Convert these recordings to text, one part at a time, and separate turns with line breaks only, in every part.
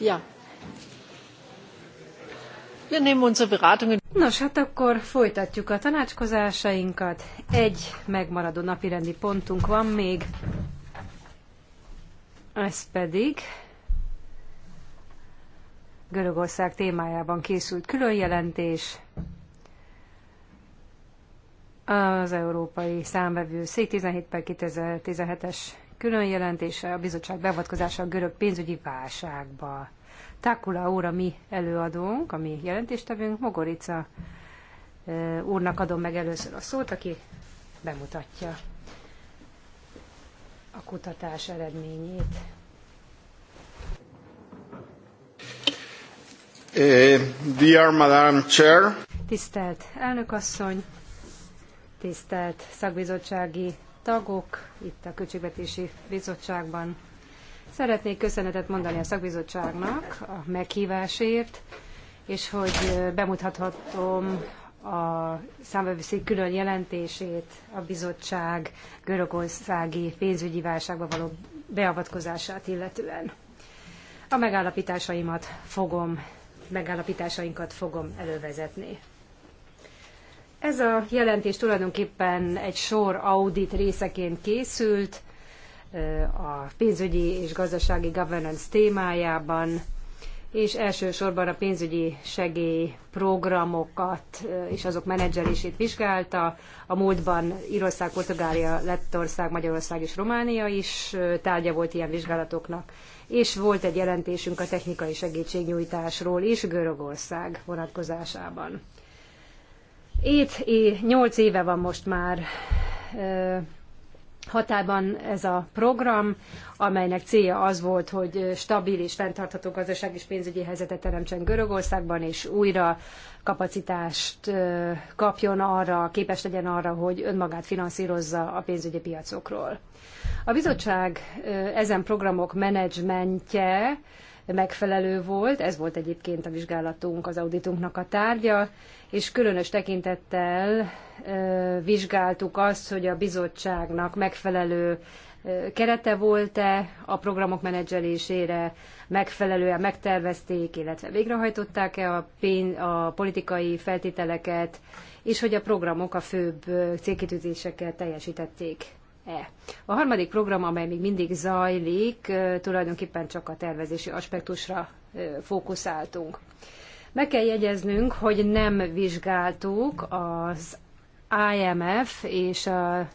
Ja. Nos, hát akkor folytatjuk a tanácskozásainkat. Egy megmaradó napirendi pontunk van még. Ez pedig Görögország témájában készült különjelentés. jelentés az Európai Számvevőszék 17 per 2017-es külön jelentése a bizottság beavatkozása a görög pénzügyi válságba. Takula úr a mi előadónk, a mi jelentéstevünk, Mogorica úrnak adom meg először a szót, aki bemutatja a kutatás eredményét.
Eh, dear Madam Chair.
Tisztelt elnökasszony, tisztelt szakbizottsági tagok itt a Költségvetési Bizottságban. Szeretnék köszönetet mondani a szakbizottságnak a meghívásért, és hogy bemutathatom a számvevőszék külön jelentését a bizottság görögországi pénzügyi válságba való beavatkozását illetően. A megállapításaimat fogom, megállapításainkat fogom elővezetni. Ez a jelentés tulajdonképpen egy sor audit részeként készült a pénzügyi és gazdasági governance témájában, és elsősorban a pénzügyi segélyprogramokat és azok menedzselését vizsgálta. A múltban Írország, Portugália, Lettország, Magyarország és Románia is tárgya volt ilyen vizsgálatoknak. És volt egy jelentésünk a technikai segítségnyújtásról is Görögország vonatkozásában. Ét, é, nyolc éve van most már hatában ez a program, amelynek célja az volt, hogy stabil és fenntartható gazdaság és pénzügyi helyzetet teremtsen Görögországban, és újra kapacitást kapjon arra, képes legyen arra, hogy önmagát finanszírozza a pénzügyi piacokról. A bizottság ezen programok menedzsmentje megfelelő volt, ez volt egyébként a vizsgálatunk, az auditunknak a tárgya, és különös tekintettel vizsgáltuk azt, hogy a bizottságnak megfelelő kerete volt-e a programok menedzselésére, megfelelően megtervezték, illetve végrehajtották-e a, pénz, a politikai feltételeket, és hogy a programok a főbb célkitűzéseket teljesítették e A harmadik program, amely még mindig zajlik, tulajdonképpen csak a tervezési aspektusra fókuszáltunk. Meg kell jegyeznünk, hogy nem vizsgáltuk az IMF és a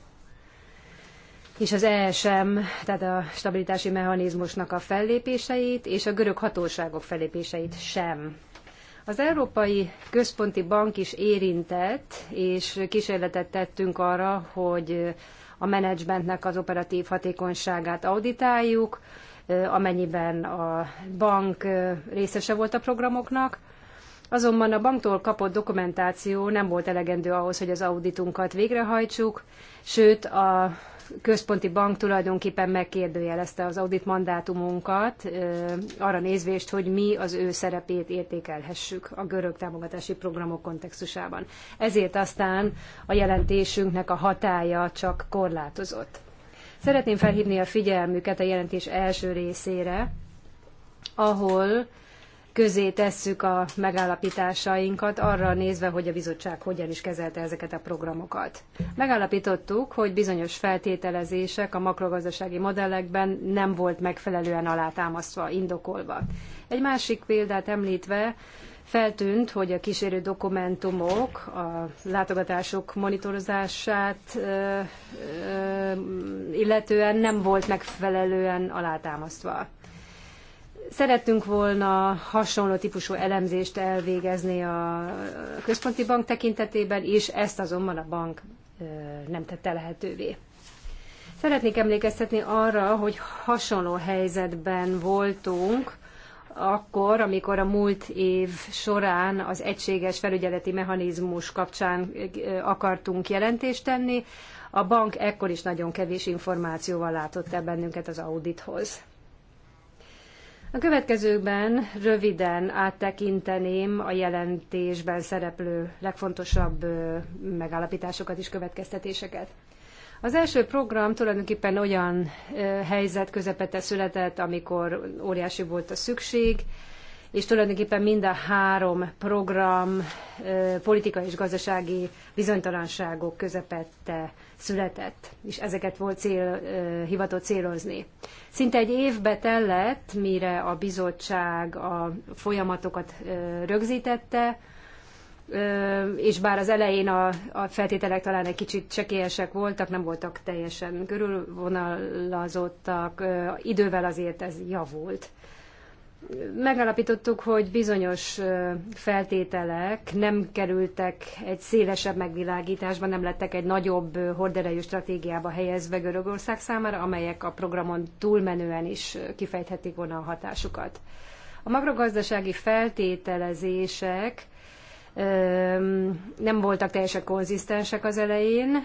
és az ESM, tehát a stabilitási mechanizmusnak a fellépéseit, és a görög hatóságok fellépéseit sem. Az Európai Központi Bank is érintett, és kísérletet tettünk arra, hogy a menedzsmentnek az operatív hatékonyságát auditáljuk, amennyiben a bank részese volt a programoknak. Azonban a banktól kapott dokumentáció nem volt elegendő ahhoz, hogy az auditunkat végrehajtsuk, sőt a központi bank tulajdonképpen megkérdőjelezte az audit mandátumunkat, arra nézvést, hogy mi az ő szerepét értékelhessük a görög támogatási programok kontextusában. Ezért aztán a jelentésünknek a hatája csak korlátozott. Szeretném felhívni a figyelmüket a jelentés első részére, ahol közé tesszük a megállapításainkat, arra nézve, hogy a bizottság hogyan is kezelte ezeket a programokat. Megállapítottuk, hogy bizonyos feltételezések a makrogazdasági modellekben nem volt megfelelően alátámasztva, indokolva. Egy másik példát említve, Feltűnt, hogy a kísérő dokumentumok a látogatások monitorozását illetően nem volt megfelelően alátámasztva. Szerettünk volna hasonló típusú elemzést elvégezni a központi bank tekintetében is, ezt azonban a bank nem tette lehetővé. Szeretnék emlékeztetni arra, hogy hasonló helyzetben voltunk, akkor, amikor a múlt év során az egységes felügyeleti mechanizmus kapcsán akartunk jelentést tenni, a bank ekkor is nagyon kevés információval látott el bennünket az audithoz. A következőkben röviden áttekinteném a jelentésben szereplő legfontosabb megállapításokat és következtetéseket. Az első program tulajdonképpen olyan helyzet közepette született, amikor óriási volt a szükség, és tulajdonképpen mind a három program politikai és gazdasági bizonytalanságok közepette született, és ezeket volt cél, hivatott célozni. Szinte egy évbe tellett, mire a bizottság a folyamatokat rögzítette, és bár az elején a, a feltételek talán egy kicsit csekélyesek voltak, nem voltak teljesen körülvonalazottak, idővel azért ez javult megalapítottuk, hogy bizonyos feltételek nem kerültek egy szélesebb megvilágításba, nem lettek egy nagyobb horderejű stratégiába helyezve Görögország számára, amelyek a programon túlmenően is kifejthetik volna a hatásukat. A makrogazdasági feltételezések nem voltak teljesen konzisztensek az elején,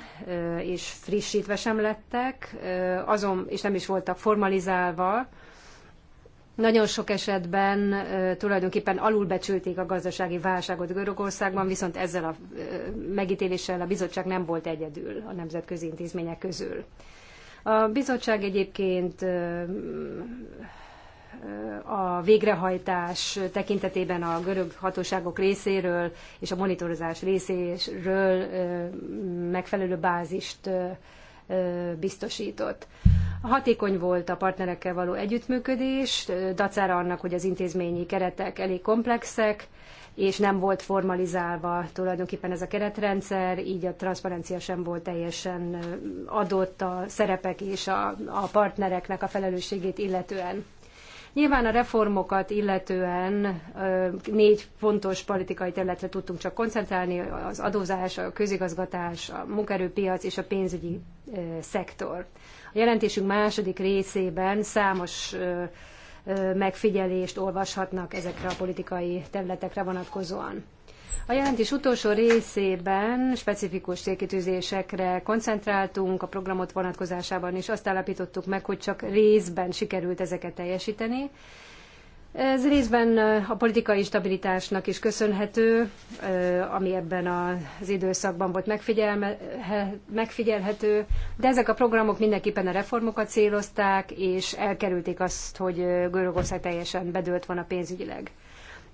és frissítve sem lettek, azon, és nem is voltak formalizálva, nagyon sok esetben tulajdonképpen alulbecsülték a gazdasági válságot Görögországban, viszont ezzel a megítéléssel a bizottság nem volt egyedül a nemzetközi intézmények közül. A bizottság egyébként a végrehajtás tekintetében a görög hatóságok részéről és a monitorozás részéről megfelelő bázist biztosított. Hatékony volt a partnerekkel való együttműködés, dacára annak, hogy az intézményi keretek elég komplexek, és nem volt formalizálva tulajdonképpen ez a keretrendszer, így a transzparencia sem volt teljesen adott a szerepek és a, a partnereknek a felelősségét illetően. Nyilván a reformokat illetően négy fontos politikai területre tudtunk csak koncentrálni, az adózás, a közigazgatás, a munkaerőpiac és a pénzügyi szektor. A jelentésünk második részében számos megfigyelést olvashatnak ezekre a politikai területekre vonatkozóan. A jelentés utolsó részében specifikus célkitűzésekre koncentráltunk a programot vonatkozásában, és azt állapítottuk meg, hogy csak részben sikerült ezeket teljesíteni. Ez részben a politikai stabilitásnak is köszönhető, eh, ami ebben az időszakban volt eh, megfigyelhető, de ezek a programok mindenképpen a reformokat célozták, és elkerülték azt, hogy eh, Görögország teljesen bedőlt volna pénzügyileg.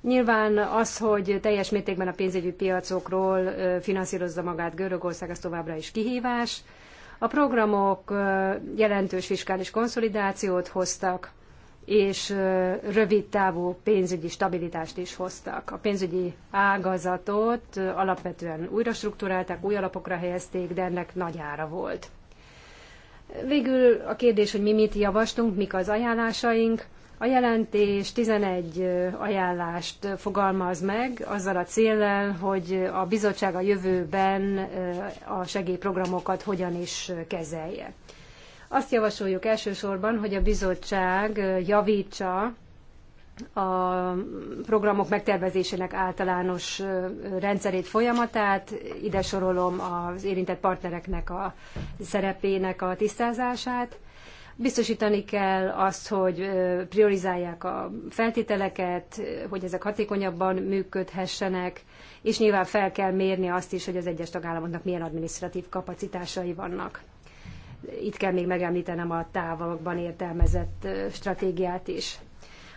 Nyilván az, hogy teljes mértékben a pénzügyi piacokról finanszírozza magát Görögország, az továbbra is kihívás. A programok jelentős fiskális konszolidációt hoztak, és rövid távú pénzügyi stabilitást is hoztak. A pénzügyi ágazatot alapvetően újra struktúrálták, új alapokra helyezték, de ennek nagy ára volt. Végül a kérdés, hogy mi mit javaslunk, mik az ajánlásaink. A jelentés 11 ajánlást fogalmaz meg azzal a céllal, hogy a bizottság a jövőben a segélyprogramokat hogyan is kezelje. Azt javasoljuk elsősorban, hogy a bizottság javítsa a programok megtervezésének általános rendszerét, folyamatát. Ide sorolom az érintett partnereknek a szerepének a tisztázását Biztosítani kell azt, hogy priorizálják a feltételeket, hogy ezek hatékonyabban működhessenek, és nyilván fel kell mérni azt is, hogy az egyes tagállamoknak milyen administratív kapacitásai vannak. Itt kell még megemlítenem a távokban értelmezett stratégiát is.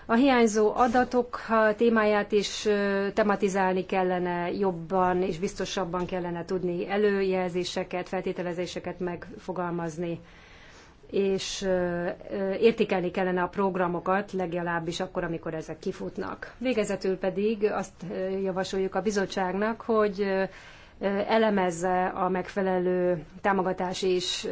A hiányzó adatok témáját is tematizálni kellene jobban, és biztosabban kellene tudni előjelzéseket, feltételezéseket megfogalmazni és értékelni kellene a programokat, legalábbis akkor, amikor ezek kifutnak. Végezetül pedig azt javasoljuk a bizottságnak, hogy elemezze a megfelelő támogatási és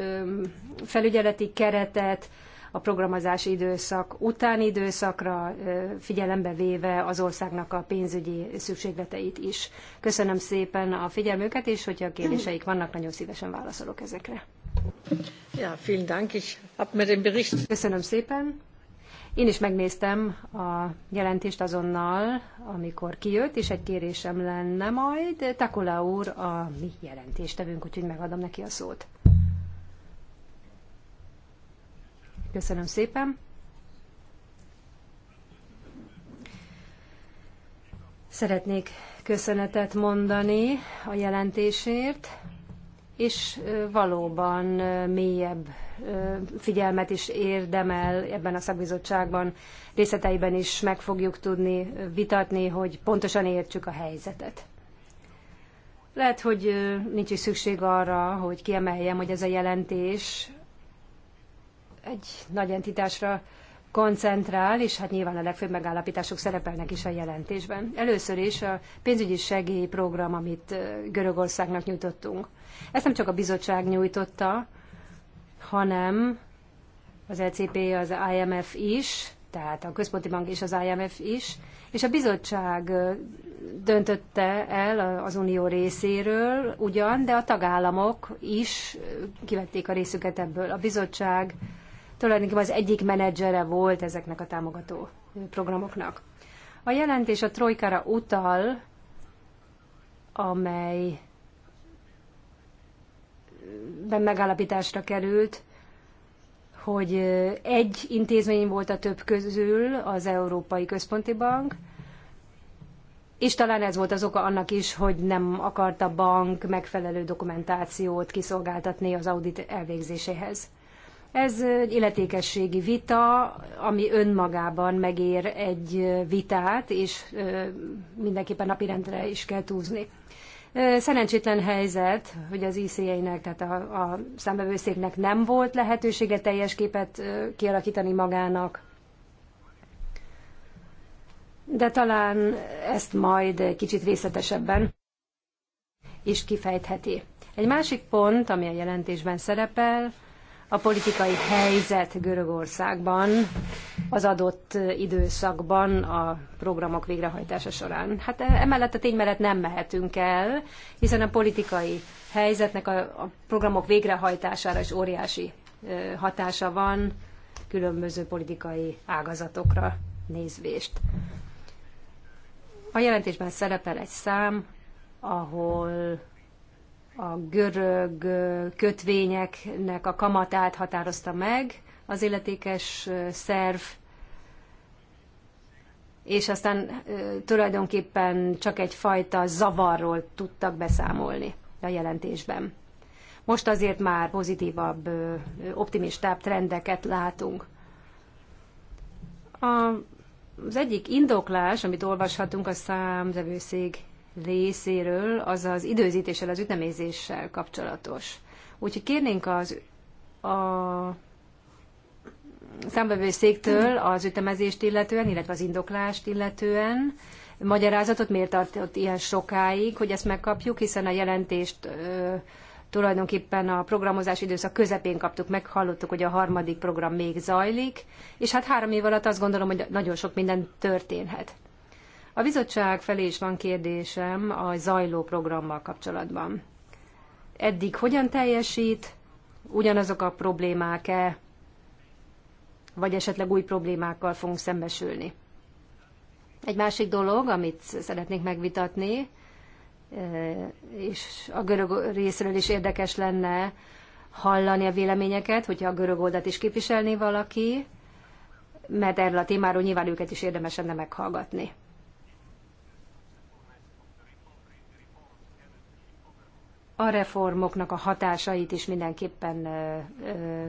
felügyeleti keretet a programozási időszak utáni időszakra, figyelembe véve az országnak a pénzügyi szükségleteit is. Köszönöm szépen a figyelmüket, és hogyha kérdéseik vannak, nagyon szívesen válaszolok ezekre. Ja, Köszönöm szépen. Én is megnéztem a jelentést azonnal, amikor kijött, és egy kérésem lenne majd. Takula úr a mi jelentéstevünk, úgyhogy megadom neki a szót. Köszönöm szépen. Szeretnék köszönetet mondani a jelentésért, és valóban mélyebb figyelmet is érdemel ebben a szakbizottságban. Részleteiben is meg fogjuk tudni vitatni, hogy pontosan értsük a helyzetet. Lehet, hogy nincs is szükség arra, hogy kiemeljem, hogy ez a jelentés egy nagy entitásra koncentrál, és hát nyilván a legfőbb megállapítások szerepelnek is a jelentésben. Először is a pénzügyi segélyprogram, amit Görögországnak nyújtottunk. Ezt nem csak a bizottság nyújtotta, hanem az ECP, az IMF is, tehát a Központi Bank és az IMF is, és a bizottság döntötte el az unió részéről ugyan, de a tagállamok is kivették a részüket ebből. A bizottság tulajdonképpen az egyik menedzsere volt ezeknek a támogató programoknak. A jelentés a trojkára utal, amely megállapításra került, hogy egy intézmény volt a több közül az Európai Központi Bank, és talán ez volt az oka annak is, hogy nem akart a bank megfelelő dokumentációt kiszolgáltatni az audit elvégzéséhez. Ez egy illetékességi vita, ami önmagában megér egy vitát, és mindenképpen napirendre is kell túzni. Szerencsétlen helyzet, hogy az ICA-nek, tehát a, a számbevőszéknek nem volt lehetősége teljes képet kialakítani magának. De talán ezt majd kicsit részletesebben is kifejtheti. Egy másik pont, ami a jelentésben szerepel, a politikai helyzet Görögországban az adott időszakban a programok végrehajtása során. Hát emellett a tény mellett nem mehetünk el, hiszen a politikai helyzetnek a, a programok végrehajtására is óriási hatása van különböző politikai ágazatokra nézvést. A jelentésben szerepel egy szám, ahol a görög kötvényeknek a kamatát határozta meg az illetékes szerv, és aztán tulajdonképpen csak egyfajta zavarról tudtak beszámolni a jelentésben. Most azért már pozitívabb, optimistább trendeket látunk. A, az egyik indoklás, amit olvashatunk a számzevőszék részéről, az az időzítéssel, az ütemézéssel kapcsolatos. Úgyhogy kérnénk az a számbevőszéktől az ütemezést illetően, illetve az indoklást illetően magyarázatot, miért tartott ilyen sokáig, hogy ezt megkapjuk, hiszen a jelentést ö, tulajdonképpen a programozás időszak közepén kaptuk meghallottuk, hogy a harmadik program még zajlik, és hát három év alatt azt gondolom, hogy nagyon sok minden történhet. A bizottság felé is van kérdésem a zajló programmal kapcsolatban. Eddig hogyan teljesít, ugyanazok a problémák-e, vagy esetleg új problémákkal fogunk szembesülni. Egy másik dolog, amit szeretnék megvitatni, e, és a görög részről is érdekes lenne hallani a véleményeket, hogyha a görög oldat is képviselné valaki, mert erről a témáról nyilván őket is érdemes lenne meghallgatni. a reformoknak a hatásait is mindenképpen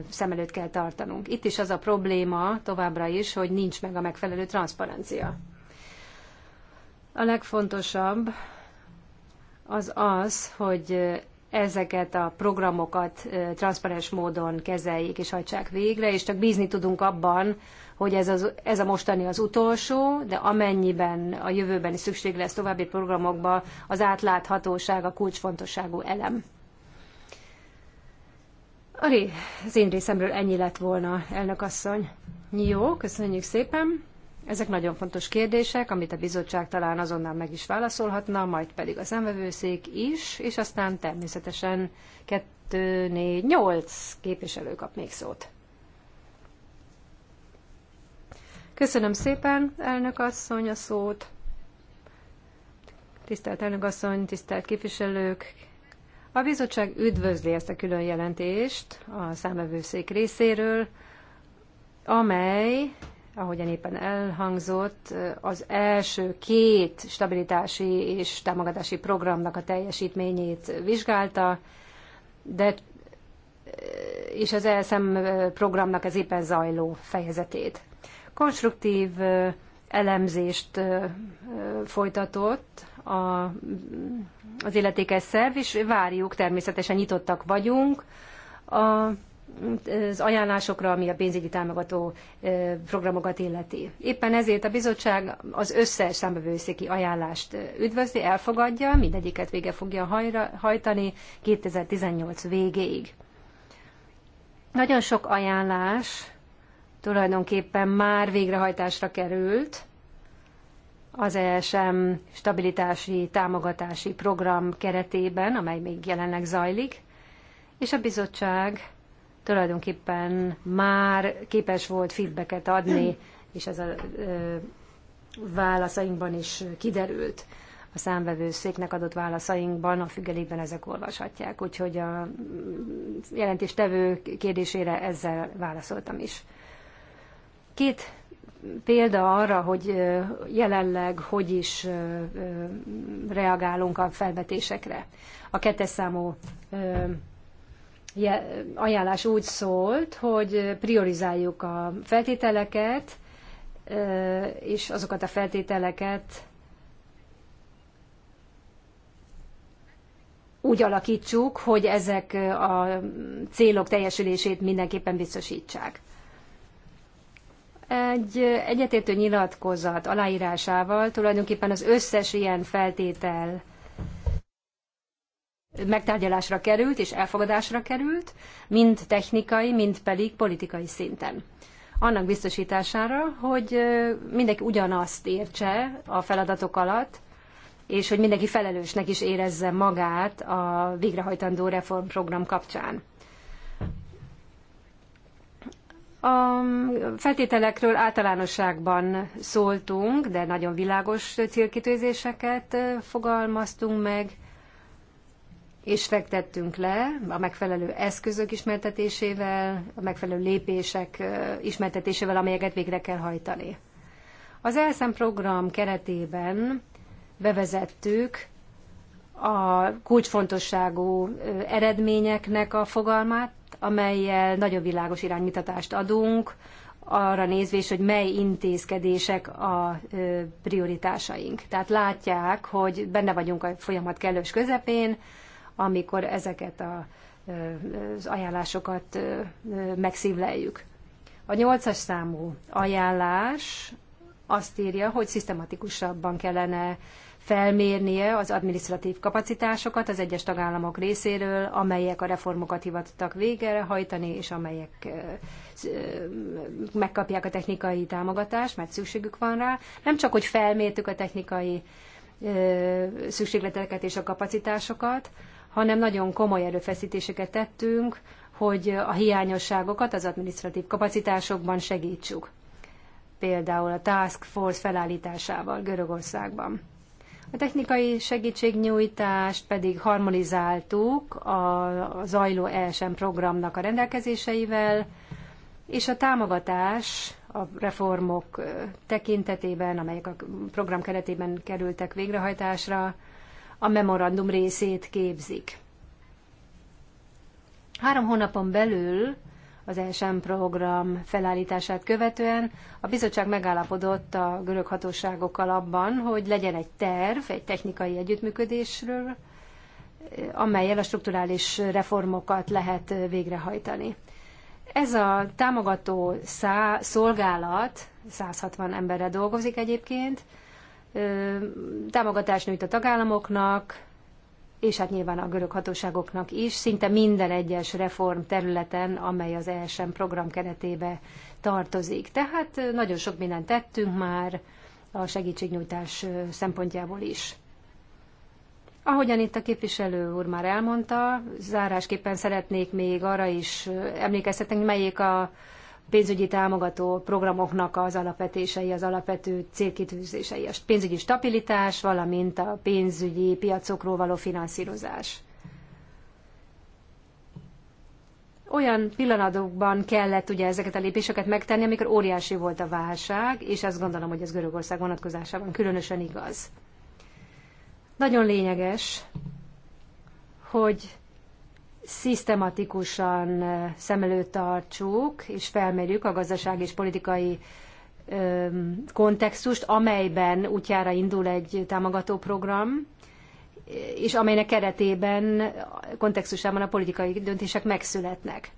szem előtt kell tartanunk. Itt is az a probléma továbbra is, hogy nincs meg a megfelelő transzparencia. A legfontosabb az az, hogy ezeket a programokat transzparens módon kezeljék és hajtsák végre, és csak bízni tudunk abban, hogy ez, az, ez a mostani az utolsó, de amennyiben a jövőben is szükség lesz további programokba, az átláthatóság a kulcsfontosságú elem. Ari, az én részemről ennyi lett volna, elnök asszony. Jó, köszönjük szépen. Ezek nagyon fontos kérdések, amit a bizottság talán azonnal meg is válaszolhatna, majd pedig a szemvevőszék is, és aztán természetesen 2, 4, 8 képviselő kap még szót. Köszönöm szépen, elnök asszony, a szót. Tisztelt elnök asszony, tisztelt képviselők! A bizottság üdvözli ezt a külön jelentést a számvevőszék részéről, amely ahogyan éppen elhangzott, az első két stabilitási és támogatási programnak a teljesítményét vizsgálta, de és az ESM programnak az éppen zajló fejezetét. Konstruktív elemzést folytatott a, az illetékes szerv, és várjuk, természetesen nyitottak vagyunk a az ajánlásokra, ami a pénzügyi támogató programokat illeti. Éppen ezért a bizottság az összes számbevőszéki ajánlást üdvözli, elfogadja, mindegyiket vége fogja hajtani 2018 végéig. Nagyon sok ajánlás tulajdonképpen már végrehajtásra került az ESM stabilitási támogatási program keretében, amely még jelenleg zajlik, és a bizottság tulajdonképpen már képes volt feedbacket adni, és ez a válaszainkban is kiderült. A számvevőszéknek adott válaszainkban, a függelékben ezek olvashatják. Úgyhogy a jelentéstevő kérdésére ezzel válaszoltam is. Két példa arra, hogy jelenleg hogy is reagálunk a felvetésekre. A kettes számú ajánlás úgy szólt, hogy priorizáljuk a feltételeket, és azokat a feltételeket úgy alakítsuk, hogy ezek a célok teljesülését mindenképpen biztosítsák. Egy egyetértő nyilatkozat aláírásával tulajdonképpen az összes ilyen feltétel megtárgyalásra került és elfogadásra került, mind technikai, mind pedig politikai szinten. Annak biztosítására, hogy mindenki ugyanazt értse a feladatok alatt, és hogy mindenki felelősnek is érezze magát a végrehajtandó reformprogram kapcsán. A feltételekről általánosságban szóltunk, de nagyon világos célkitűzéseket fogalmaztunk meg, és fektettünk le a megfelelő eszközök ismertetésével, a megfelelő lépések ismertetésével, amelyeket végre kell hajtani. Az ELSZEM program keretében bevezettük a kulcsfontosságú eredményeknek a fogalmát, amelyel nagyon világos iránymutatást adunk, arra nézvés, hogy mely intézkedések a prioritásaink. Tehát látják, hogy benne vagyunk a folyamat kellős közepén, amikor ezeket a, az ajánlásokat megszívleljük. A nyolcas számú ajánlás azt írja, hogy szisztematikusabban kellene felmérnie az administratív kapacitásokat az egyes tagállamok részéről, amelyek a reformokat hivatottak végrehajtani, és amelyek megkapják a technikai támogatást, mert szükségük van rá. Nem csak, hogy felmértük a technikai szükségleteket és a kapacitásokat, hanem nagyon komoly erőfeszítéseket tettünk, hogy a hiányosságokat az administratív kapacitásokban segítsük. Például a Task Force felállításával Görögországban. A technikai segítségnyújtást pedig harmonizáltuk a zajló ESM programnak a rendelkezéseivel, és a támogatás a reformok tekintetében, amelyek a program keretében kerültek végrehajtásra, a memorandum részét képzik. Három hónapon belül az ESM program felállítását követően a bizottság megállapodott a görög hatóságokkal abban, hogy legyen egy terv, egy technikai együttműködésről, amelyel a strukturális reformokat lehet végrehajtani. Ez a támogató szá- szolgálat, 160 emberre dolgozik egyébként, támogatást nyújt a tagállamoknak, és hát nyilván a görög hatóságoknak is, szinte minden egyes reform területen, amely az ESM program keretébe tartozik. Tehát nagyon sok mindent tettünk már a segítségnyújtás szempontjából is. Ahogyan itt a képviselő úr már elmondta, zárásképpen szeretnék még arra is emlékeztetni, melyik a pénzügyi támogató programoknak az alapvetései, az alapvető célkitűzései, a pénzügyi stabilitás, valamint a pénzügyi piacokról való finanszírozás. Olyan pillanatokban kellett ugye ezeket a lépéseket megtenni, amikor óriási volt a válság, és azt gondolom, hogy ez Görögország vonatkozásában különösen igaz. Nagyon lényeges, hogy szisztematikusan szem előtt tartsuk, és felmérjük a gazdasági és politikai kontextust, amelyben útjára indul egy támogató program, és amelynek keretében, kontextusában a politikai döntések megszületnek.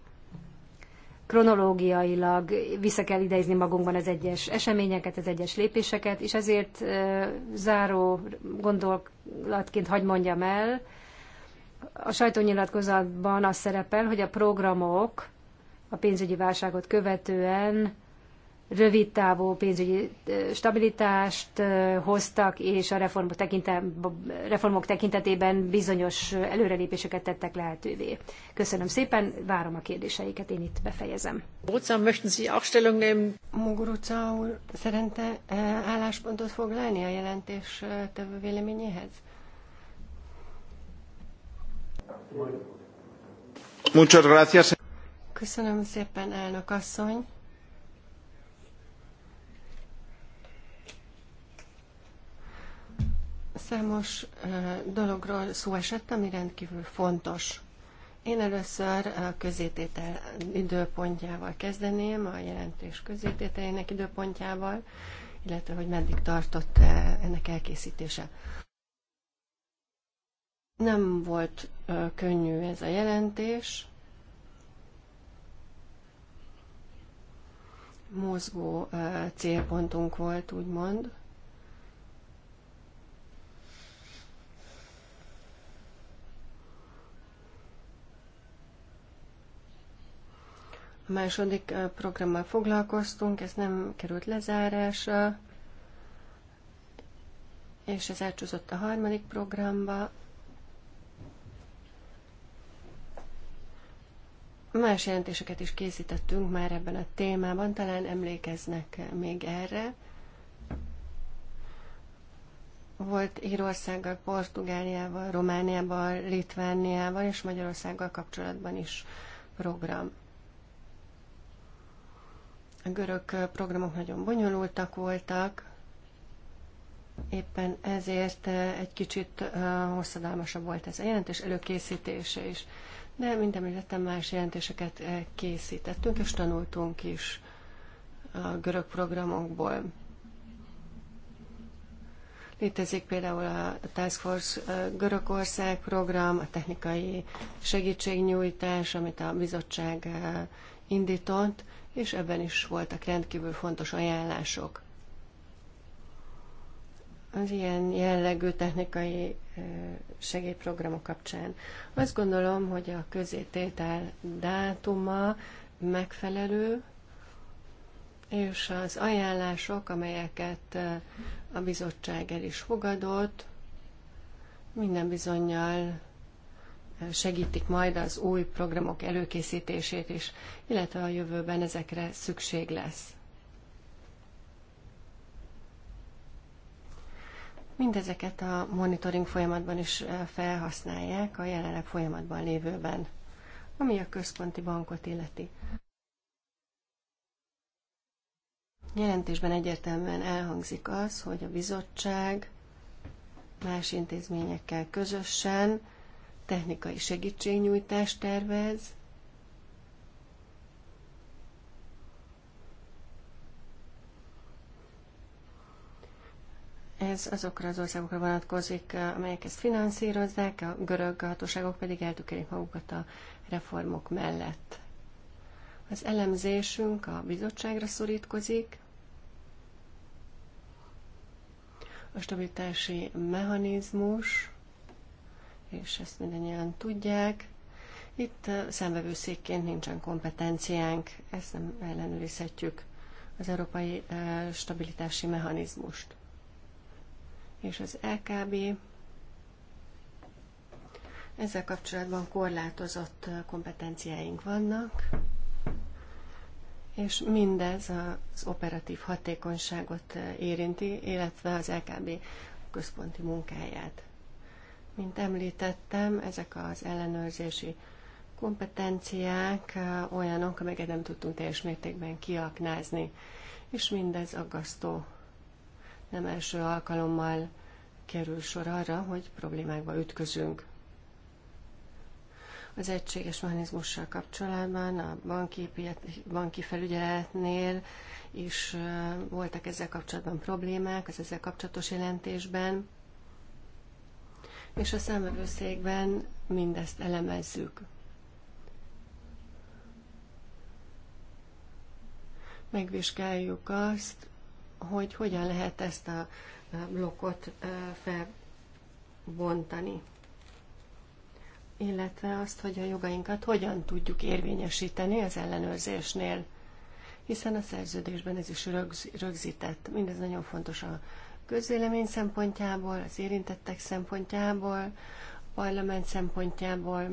Kronológiailag vissza kell idézni magunkban az egyes eseményeket, az egyes lépéseket, és ezért záró gondolatként hagy mondjam el, a sajtónyilatkozatban az szerepel, hogy a programok a pénzügyi válságot követően rövid távú pénzügyi stabilitást hoztak, és a reformok, tekinte, reformok tekintetében bizonyos előrelépéseket tettek lehetővé. Köszönöm szépen, várom a kérdéseiket, én itt befejezem. Muguruca, úr, szerinte
álláspontot foglalni a jelentés tevő véleményéhez? Köszönöm szépen, elnök asszony. Számos dologról szó esett, ami rendkívül fontos. Én először a közététel időpontjával kezdeném, a jelentés közétételének időpontjával, illetve hogy meddig tartott ennek elkészítése. Nem volt könnyű ez a jelentés. Mozgó célpontunk volt, úgymond. A második programmal foglalkoztunk, ez nem került lezárásra, és ez elcsúszott a harmadik programba, Más jelentéseket is készítettünk már ebben a témában, talán emlékeznek még erre. Volt Írországgal, Portugáliával, Romániával, Litvániával és Magyarországgal kapcsolatban is program. A görög programok nagyon bonyolultak voltak, éppen ezért egy kicsit hosszadalmasabb volt ez a jelentés előkészítése is de mint említettem, más jelentéseket eh, készítettünk, és tanultunk is a görög programokból. Létezik például a Task Force eh, Görögország program, a technikai segítségnyújtás, amit a bizottság eh, indított, és ebben is voltak rendkívül fontos ajánlások az ilyen jellegű technikai segélyprogramok kapcsán. Azt gondolom, hogy a közététel dátuma megfelelő, és az ajánlások, amelyeket a bizottság el is fogadott, minden bizonyal segítik majd az új programok előkészítését is, illetve a jövőben ezekre szükség lesz. Mindezeket a monitoring folyamatban is felhasználják a jelenleg folyamatban lévőben, ami a központi bankot illeti. Jelentésben egyértelműen elhangzik az, hogy a bizottság más intézményekkel közösen technikai segítségnyújtást tervez, Ez azokra az országokra vonatkozik, eh, amelyek ezt finanszírozzák, a görög hatóságok pedig eltükerik magukat a reformok mellett. Az elemzésünk a bizottságra szorítkozik, a stabilitási mechanizmus, és ezt mindannyian tudják. Itt eh, számvevőszékként nincsen kompetenciánk, ezt nem ellenőrizhetjük az európai eh, stabilitási mechanizmust és az LKB e ezzel kapcsolatban korlátozott kompetenciáink vannak, és mindez az operatív hatékonyságot érinti, illetve az LKB e központi munkáját. Mint említettem, ezek az ellenőrzési kompetenciák olyanok, amelyeket nem tudtunk teljes mértékben kiaknázni, és mindez aggasztó nem első alkalommal kerül sor arra, hogy problémákba ütközünk. Az egységes mechanizmussal kapcsolatban a banki, banki felügyeletnél is voltak ezzel kapcsolatban problémák, az ezzel kapcsolatos jelentésben, és a számvevőszékben mindezt elemezzük. Megvizsgáljuk azt, hogy hogyan lehet ezt a blokkot felbontani, illetve azt, hogy a jogainkat hogyan tudjuk érvényesíteni az ellenőrzésnél, hiszen a szerződésben ez is rögzített. Mindez nagyon fontos a közvélemény szempontjából, az érintettek szempontjából, a parlament szempontjából.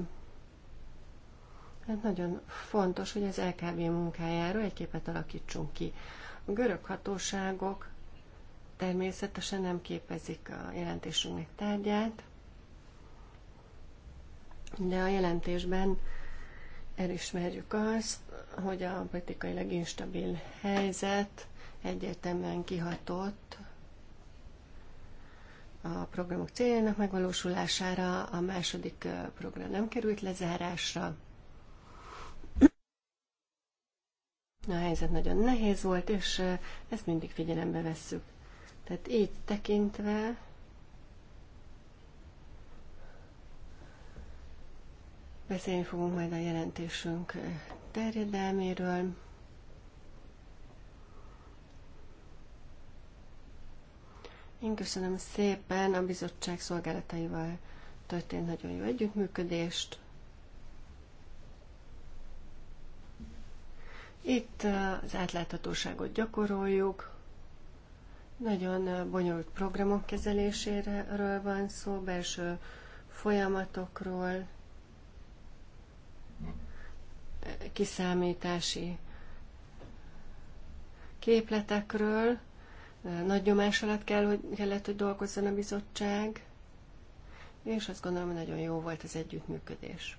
Hát nagyon fontos, hogy az LKB munkájáról egy képet alakítsunk ki. A görög hatóságok természetesen nem képezik a jelentésünknek tárgyát, de a jelentésben elismerjük azt, hogy a politikailag instabil helyzet egyértelműen kihatott a programok céljának megvalósulására, a második program nem került lezárásra, A helyzet nagyon nehéz volt, és ezt mindig figyelembe vesszük. Tehát így tekintve beszélni fogunk majd a jelentésünk terjedelméről. Én köszönöm szépen a bizottság szolgálataival történt nagyon jó együttműködést. Itt az átláthatóságot gyakoroljuk, nagyon bonyolult programok kezeléséről van szó, belső folyamatokról, kiszámítási képletekről. Nagy nyomás alatt kell, hogy, kellett, hogy dolgozzon a bizottság, és azt gondolom, hogy nagyon jó volt az együttműködés.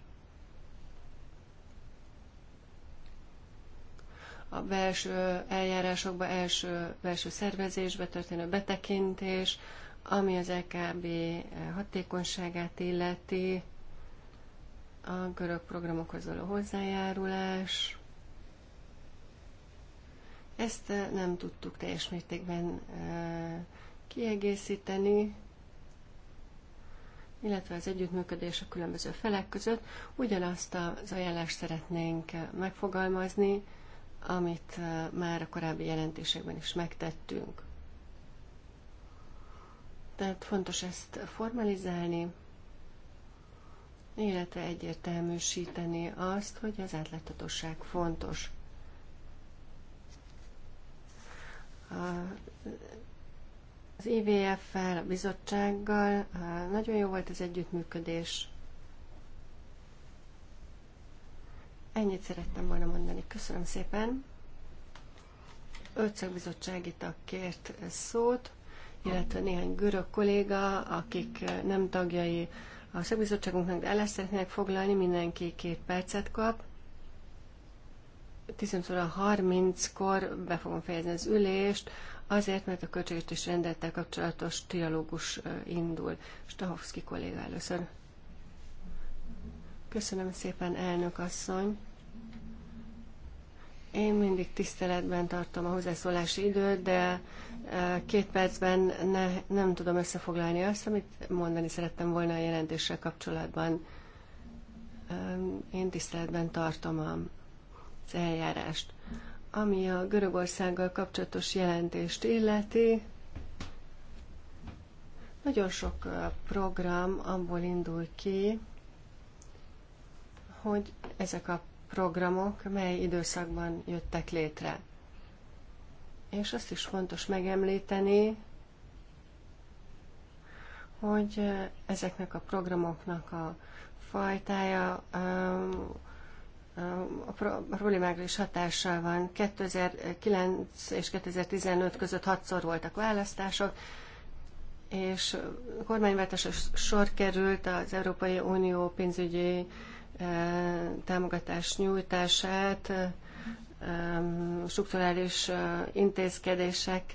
a belső eljárásokba, első, belső szervezésbe történő betekintés, ami az EKB hatékonyságát illeti, a görög programokhoz való hozzájárulás. Ezt nem tudtuk teljes mértékben kiegészíteni, illetve az együttműködés a különböző felek között. Ugyanazt az ajánlást szeretnénk megfogalmazni, amit már a korábbi jelentésekben is megtettünk. Tehát fontos ezt formalizálni, illetve egyértelműsíteni azt, hogy az átláthatóság fontos. Az IVF-fel, a bizottsággal nagyon jó volt az együttműködés, Ennyit szerettem volna mondani. Köszönöm szépen. Öt szakbizottsági tag kért szót, illetve néhány görög kolléga, akik nem tagjai a szakbizottságunknak, de el szeretnének foglalni, mindenki két percet kap. 15 óra 30-kor be fogom fejezni az ülést, azért, mert a költségvetés rendettel kapcsolatos dialógus indul. Stahovszki kolléga először. Köszönöm szépen, elnök asszony. Én mindig tiszteletben tartom a hozzászólási időt, de e, két percben ne, nem tudom összefoglalni azt, amit mondani szerettem volna a jelentéssel kapcsolatban. E, én tiszteletben tartom az eljárást. Ami a Görögországgal kapcsolatos jelentést illeti, nagyon sok e, program abból indul ki, hogy ezek a programok mely időszakban jöttek létre. És azt is fontos megemlíteni, hogy ezeknek a programoknak a fajtája a problémákra is hatással van. 2009 és 2015 között hatszor voltak választások, és kormányváltásos sor került az Európai Unió pénzügyi támogatás nyújtását, strukturális intézkedések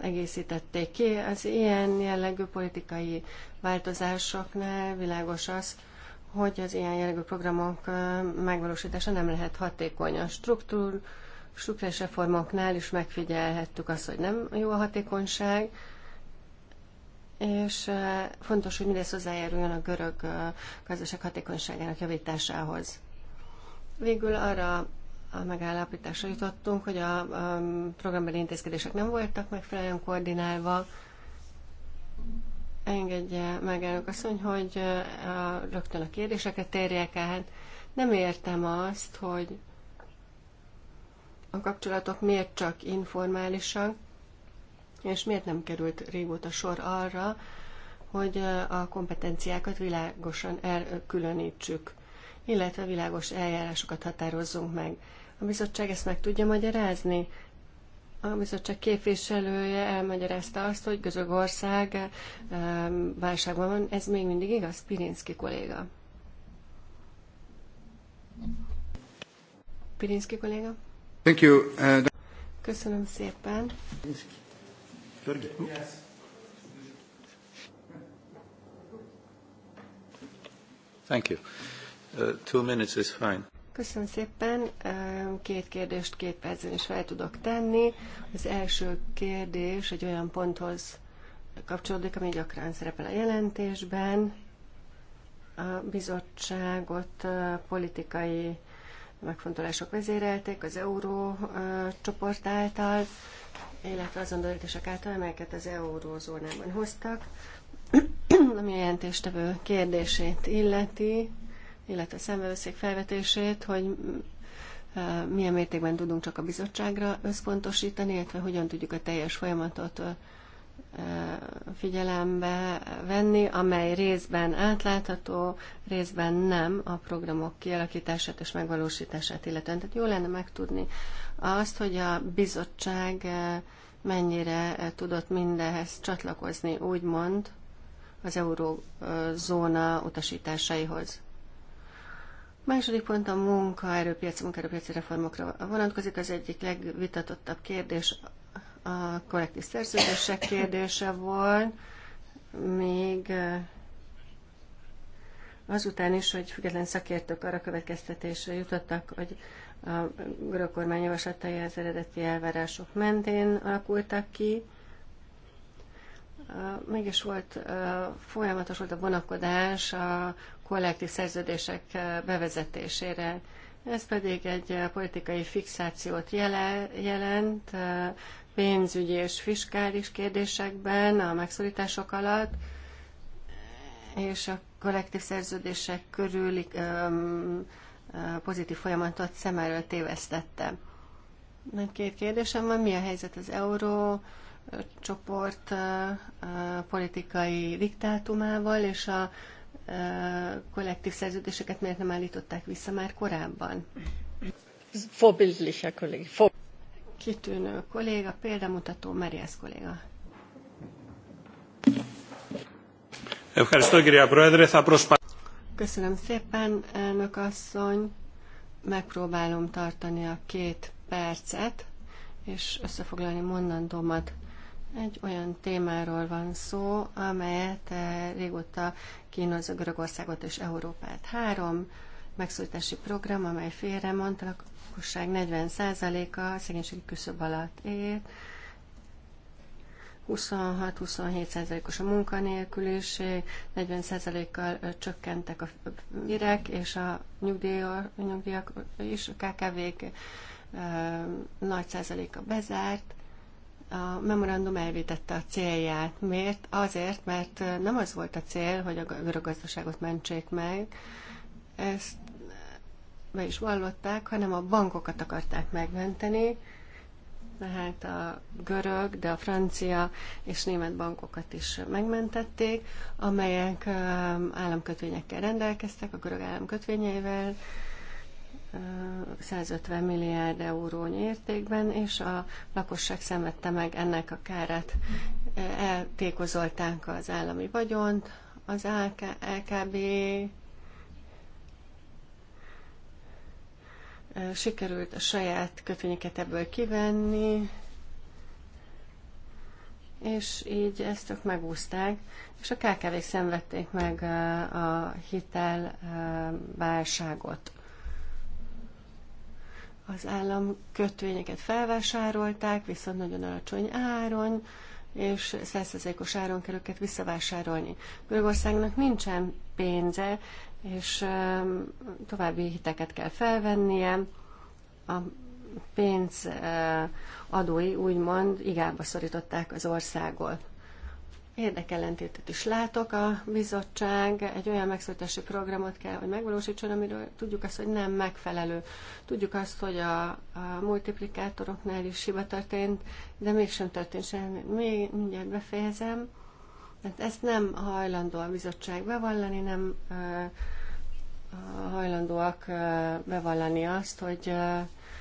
egészítették ki. Az ilyen jellegű politikai változásoknál világos az, hogy az ilyen jellegű programok megvalósítása nem lehet hatékony. A struktúr, struktúrás reformoknál is megfigyelhettük azt, hogy nem jó a hatékonyság, és fontos, hogy mindez hozzájáruljon a görög gazdaság hatékonyságának javításához. Végül arra a megállapításra jutottunk, hogy a programbeli intézkedések nem voltak megfelelően koordinálva. Engedje meg elnök asszony, hogy rögtön a kérdéseket térjek át. Nem értem azt, hogy a kapcsolatok miért csak informálisak, és miért nem került régóta sor arra, hogy a kompetenciákat világosan elkülönítsük, illetve világos eljárásokat határozzunk meg. A bizottság ezt meg tudja magyarázni? A bizottság képviselője elmagyarázta azt, hogy Gözögország válságban van. Ez még mindig igaz, Pirinszki kolléga. Pirinszki kolléga?
Thank you. Uh,
Köszönöm szépen. Yes.
Thank you. Uh, two minutes is fine.
Köszönöm szépen. Uh, két kérdést két percen is fel tudok tenni. Az első kérdés egy olyan ponthoz kapcsolódik, ami gyakran szerepel a jelentésben. A bizottságot uh, politikai megfontolások vezérelték az euró csoport által, illetve azon döntések által, amelyeket az eurózónában hoztak, ami a jelentéstevő kérdését illeti, illetve a szemvevőszék felvetését, hogy milyen mértékben tudunk csak a bizottságra összpontosítani, illetve hogyan tudjuk a teljes folyamatot figyelembe venni, amely részben átlátható, részben nem a programok kialakítását és megvalósítását illetően. Tehát jó lenne megtudni azt, hogy a bizottság mennyire tudott mindehhez csatlakozni, úgymond az eurózóna utasításaihoz. A második pont a munkaerőpiac, munkaerőpiaci reformokra vonatkozik. Az egyik legvitatottabb kérdés a kollektív szerződések kérdése volt, még azután is, hogy független szakértők arra következtetésre jutottak, hogy a görög kormány javaslatai az eredeti elvárások mentén alakultak ki. Mégis volt, folyamatos volt a vonakodás a kollektív szerződések bevezetésére. Ez pedig egy politikai fixációt jelent, pénzügyi és fiskális kérdésekben a megszorítások alatt, és a kollektív szerződések körül pozitív folyamatot szem elől tévesztette. Két kérdésem van, mi a helyzet az euró csoport politikai diktátumával, és a kollektív szerződéseket miért nem állították vissza már korábban? Vorbildlicher Kollege kitűnő kolléga, példamutató Meriász kolléga. Köszönöm szépen, elnök asszony. Megpróbálom tartani a két percet, és összefoglalni mondandómat. Egy olyan témáról van szó, amelyet eh, régóta kínozza Görögországot és Európát. Három megszólítási program, amely félre mondtak, lakosság 40%-a szegénységi küszöb alatt él, 26-27%-os a munkanélküliség, 40%-kal csökkentek a virek, és a nyugdíjak is, a KKV-k nagy százaléka bezárt. A memorandum elvétette a célját. Miért? Azért, mert nem az volt a cél, hogy a görög gazdaságot mentsék meg, ezt be is vallották, hanem a bankokat akarták megmenteni, tehát a görög, de a francia és német bankokat is megmentették, amelyek um, államkötvényekkel rendelkeztek, a görög államkötvényeivel, 150 um, milliárd eurónyi értékben, és a lakosság szenvedte meg ennek a kárát. Eltékozolták az állami vagyont, az LKB sikerült a saját kötvényeket ebből kivenni, és így ezt ők megúzták, és a kkv szenvedték meg a hitel válságot. Az állam kötvényeket felvásárolták, viszont nagyon alacsony áron, és százszerzékos áron kell őket visszavásárolni. Görögországnak nincsen pénze, és um, további hiteket kell felvennie. A pénz uh, adói úgymond igába szorították az országot. Érdekellentétet is látok, a bizottság egy olyan megszólítási programot kell, hogy megvalósítson, amiről tudjuk azt, hogy nem megfelelő. Tudjuk azt, hogy a, a multiplikátoroknál is hiba történt, de mégsem történt semmi. Még mindjárt befejezem mert hát ezt nem hajlandó a bizottság bevallani, nem hajlandóak bevallani azt, hogy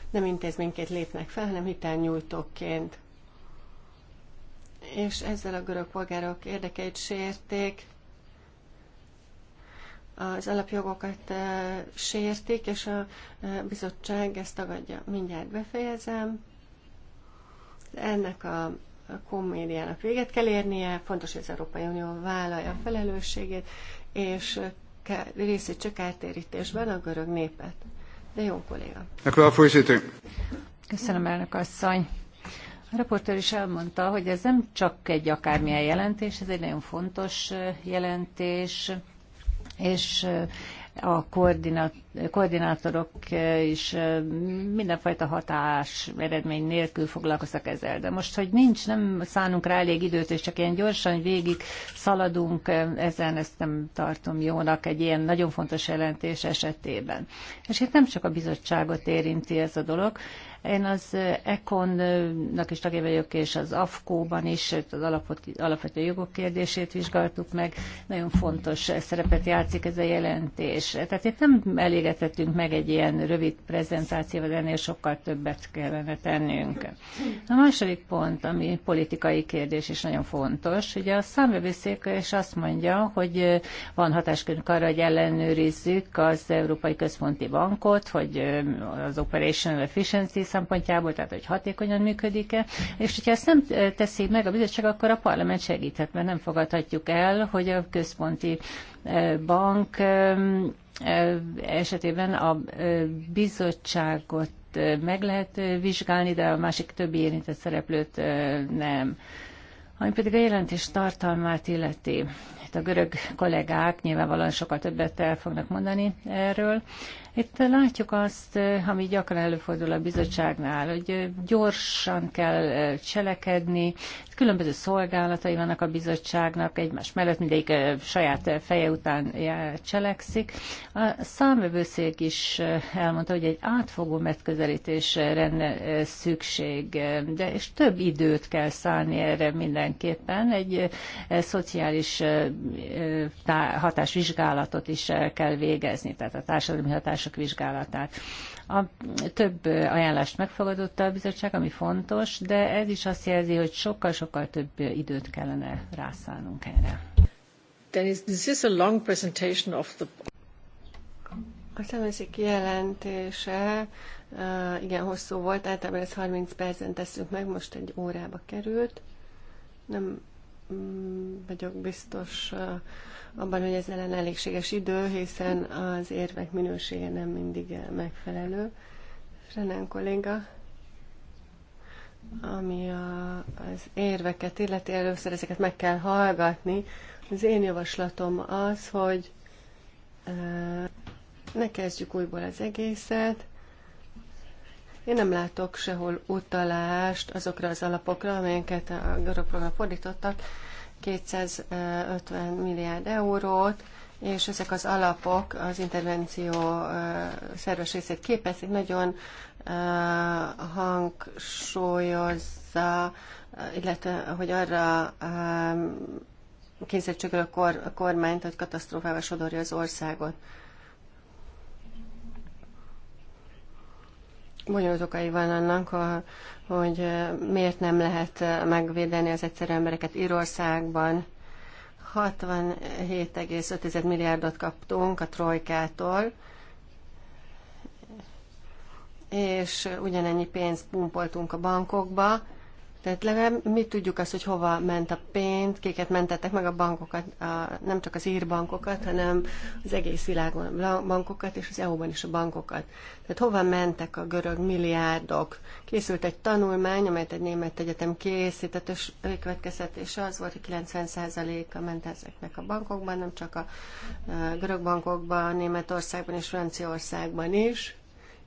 nem intézményként lépnek fel, hanem hitelnyújtóként. És ezzel a görög polgárok érdekeit sérték, az alapjogokat sértik, és a bizottság ezt tagadja. Mindjárt befejezem. Ennek a komédiának véget kell érnie, fontos, hogy az Európai Unió vállalja a felelősségét, és csak kártérítésben a görög népet. De jó kolléga. Köszönöm, elnök asszony. A raportőr is elmondta, hogy
ez nem csak egy akármilyen jelentés, ez egy nagyon fontos jelentés, és a koordinátorok is mindenfajta hatás eredmény nélkül foglalkoztak ezzel. De most, hogy nincs, nem szánunk rá elég időt, és csak ilyen gyorsan végig szaladunk, ezen ezt nem tartom jónak egy ilyen nagyon fontos jelentés esetében. És itt nem csak a bizottságot érinti ez a dolog, én az ECON-nak is tagja vagyok, és az AFKO-ban is az alapot, alapvető jogok kérdését vizsgáltuk meg. Nagyon fontos szerepet játszik ez a jelentés. Tehát itt nem elégetettünk meg egy ilyen rövid prezentációval, ennél sokkal többet kellene tennünk. A második pont, ami politikai kérdés, és nagyon fontos. Ugye a számvevőszék és azt mondja, hogy van hatáskörünk arra, hogy ellenőrizzük az Európai Központi Bankot, hogy az operational efficiency szempontjából, tehát hogy hatékonyan működik-e, és hogyha ezt nem e, teszi meg a bizottság, akkor a parlament segíthet, mert nem fogadhatjuk el, hogy a központi e, bank e, esetében a bizottságot meg lehet vizsgálni, de a másik többi érintett szereplőt nem. Ami pedig a jelentés tartalmát illeti, itt a görög kollégák nyilvánvalóan sokkal többet el fognak mondani erről. Itt látjuk azt, ami gyakran előfordul a bizottságnál, hogy gyorsan kell cselekedni, különböző szolgálatai vannak a bizottságnak, egymás mellett mindig saját feje után cselekszik. A számövőszék is elmondta, hogy egy átfogó megközelítés lenne szükség, de és több időt kell szállni erre mindenképpen. Egy szociális hatásvizsgálatot is kell végezni, tehát a társadalmi hatás ajánlások vizsgálatát. A több ajánlást megfogadott a bizottság, ami fontos, de ez is azt jelzi, hogy sokkal-sokkal több időt kellene rászállnunk erre.
Dennis, this is a long presentation of the... A szemeszik jelentése uh, igen hosszú volt, általában ez 30 percen teszünk meg, most egy órába került. Nem Mm, vagyok biztos abban, hogy ez ellen elégséges idő, hiszen az érvek minősége nem mindig megfelelő. Renán kolléga, ami a, az érveket illeti, először ezeket meg kell hallgatni. Az én javaslatom az, hogy ne kezdjük újból az egészet, én nem látok sehol utalást azokra az alapokra, amelyeket a Görögprogram fordítottak, 250 milliárd eurót, és ezek az alapok az intervenció szerves részét képezik, nagyon hangsúlyozza, illetve hogy arra kényszerítsük a kormányt, hogy katasztrófával sodorja az országot. bonyolult okai van annak, hogy miért nem lehet megvédeni az egyszerű embereket Írországban. 67,5 milliárdot kaptunk a trojkától, és ugyanennyi pénzt pumpoltunk a bankokba, tehát legalább mi tudjuk azt, hogy hova ment a pénz, kiket mentettek meg a bankokat, a, nem csak az ír bankokat, hanem az egész világon a bankokat, és az EU-ban is a bankokat. Tehát hova mentek a görög milliárdok? Készült egy tanulmány, amelyet egy német egyetem készített, és következtetése az volt, hogy 90%-a ment ezeknek a bankokban, nem csak a, görög bankokban, Németországban és Franciaországban is.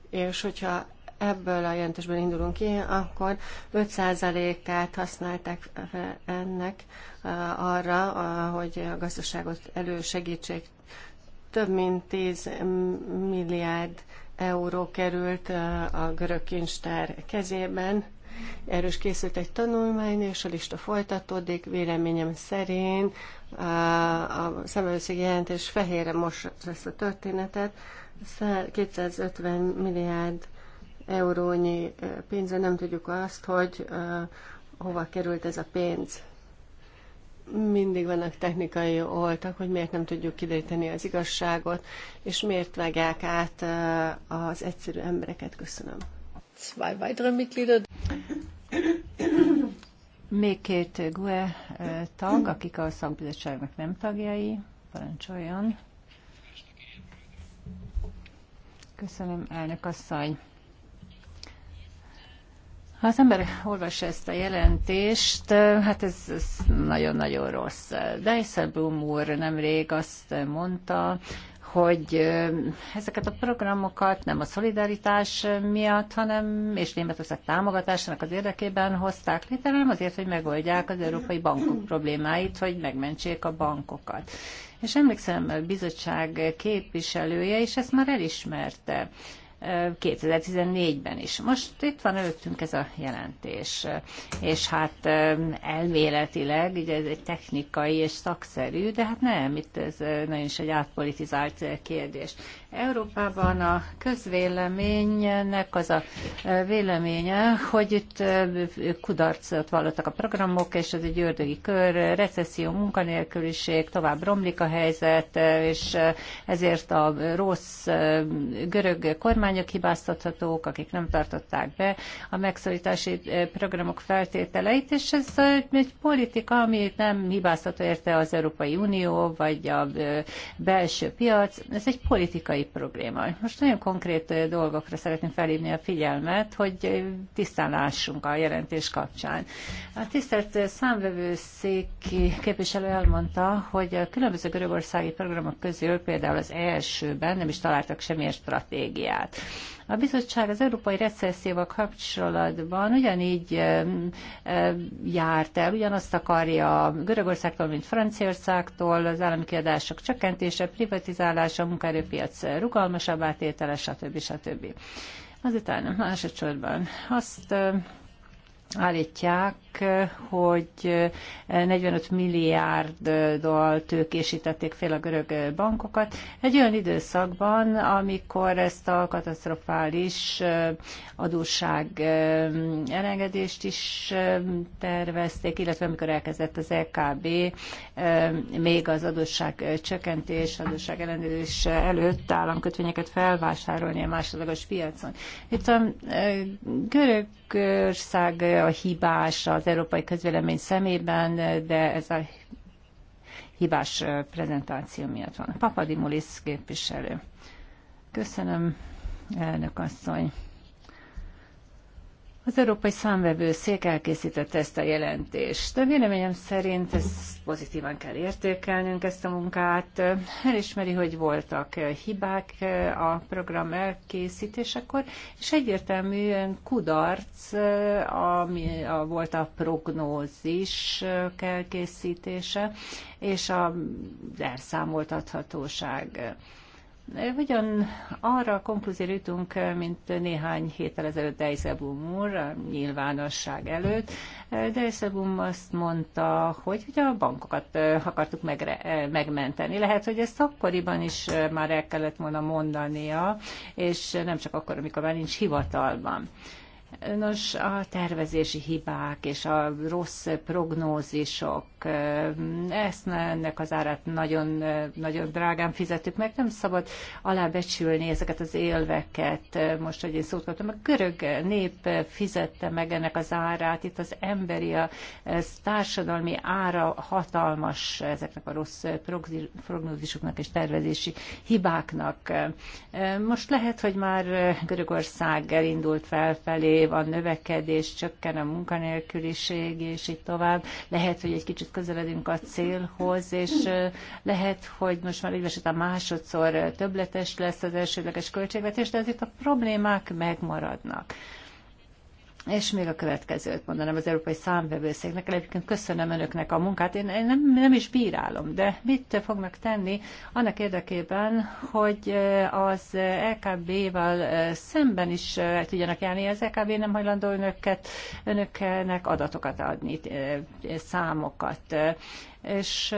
És hogyha ebből a jelentésből indulunk ki, akkor 5%-át használták ennek arra, hogy a gazdaságot elősegítsék. Több mint 10 milliárd euró került a görög kincstár kezében. Erről is készült egy tanulmány, és a lista folytatódik. Véleményem szerint a szemelőszégi jelentés fehérre most ezt a történetet. 250 milliárd eurónyi pénzre, nem tudjuk azt, hogy hova került ez a pénz. Mindig vannak technikai oltak, hogy miért nem tudjuk kideríteni az igazságot, és miért vágják át az egyszerű embereket. Köszönöm. Zwei weitere Mitglieder. Még
két GUE tag, akik a szakbizottságnak nem tagjai, parancsoljon. Köszönöm, elnök asszony. Ha az ember olvassa ezt a jelentést, hát ez, ez nagyon-nagyon rossz. Dijsselbloem úr nemrég azt mondta, hogy ezeket a programokat nem a szolidaritás miatt, hanem és Németország támogatásának az érdekében hozták létre, hanem azért, hogy megoldják az európai bankok problémáit, hogy megmentsék a bankokat. És emlékszem, a bizottság képviselője, és ezt már elismerte 2014-ben is. Most itt van előttünk ez a jelentés, és hát elméletileg, ugye ez egy technikai és szakszerű, de hát nem, itt ez eh, nagyon is egy átpolitizált eh, kérdés. Európában a közvéleménynek az a eh, véleménye, hogy itt kudarcot vallottak a programok, és ez egy ördögi kör, recesszió, munkanélküliség, tovább romlik a helyzet, és ezért a rossz görög kormány kormányok hibáztathatók, akik nem tartották be a megszorítási eh, programok feltételeit, és ez eh, egy politika, ami nem hibáztató érte az Európai Unió, vagy a eh, belső piac, ez egy politikai probléma. Most nagyon konkrét dolgokra szeretném felhívni a figyelmet, hogy tisztán lássunk a jelentés kapcsán. A tisztelt számvevőszék képviselő elmondta, hogy a különböző görögországi programok közül például az elsőben nem is találtak semmilyen stratégiát. A bizottság az európai recesszióval kapcsolatban ugyanígy járt el, ugyanazt akarja Görögországtól, mint Franciaországtól, az állami kiadások csökkentése, privatizálása, munkaerőpiac rugalmasabb átétele, stb. stb. Azután másodszorban azt állítják, Eh, hogy 45 eh, milliárd dal tőkésítették fél a görög eh, bankokat. Egy olyan időszakban, amikor ezt a katasztrofális adósság elengedést is tervezték, illetve amikor elkezdett az LKB e még az adósság csökkentés, adósság ellenőrzés előtt államkötvényeket felvásárolni a másodlagos piacon. Itt a Görögország a hibás, az európai közvélemény szemében, de ez a hibás prezentáció miatt van. Papadimulis képviselő. Köszönöm, elnök asszony. Az Európai Számvevőszék elkészítette ezt a jelentést. De véleményem szerint ez pozitívan kell értékelnünk ezt a munkát. Elismeri, hogy voltak hibák a program elkészítésekor, és egyértelműen kudarc ami a, volt a prognózis elkészítése, és a elszámoltathatóság. Hogyan arra a konklúzióra jutunk, mint néhány héttel ezelőtt Dejszebum úr, a nyilvánosság előtt. Dejszebum azt mondta, hogy ugye a bankokat akartuk megre, megmenteni. Lehet, hogy ezt akkoriban is már el kellett volna mondania, és nem csak akkor, amikor már nincs hivatalban. Nos, a tervezési hibák és a rossz prognózisok, ezt ennek az árát nagyon, nagyon drágán fizettük meg, nem szabad alábecsülni ezeket az élveket, most, hogy én szót kaptam, a görög nép fizette meg ennek az árát, itt az emberi, a társadalmi ára hatalmas ezeknek a rossz prognózisoknak és tervezési hibáknak. Most lehet, hogy már Görögország elindult felfelé, van a növekedés, csökken a munkanélküliség, és így tovább. Lehet, hogy egy kicsit közeledünk a célhoz, és lehet, hogy most már éves a másodszor többletes lesz az elsődleges költségvetés, de azért a problémák megmaradnak. És még a következőt mondanám az Európai Számvevőszéknek. Egyébként köszönöm önöknek a munkát. Én nem, nem is bírálom, de mit fognak tenni annak érdekében, hogy az LKB-val szemben is tudjanak járni. Az LKB nem hajlandó önöket, önöknek adatokat adni, számokat. És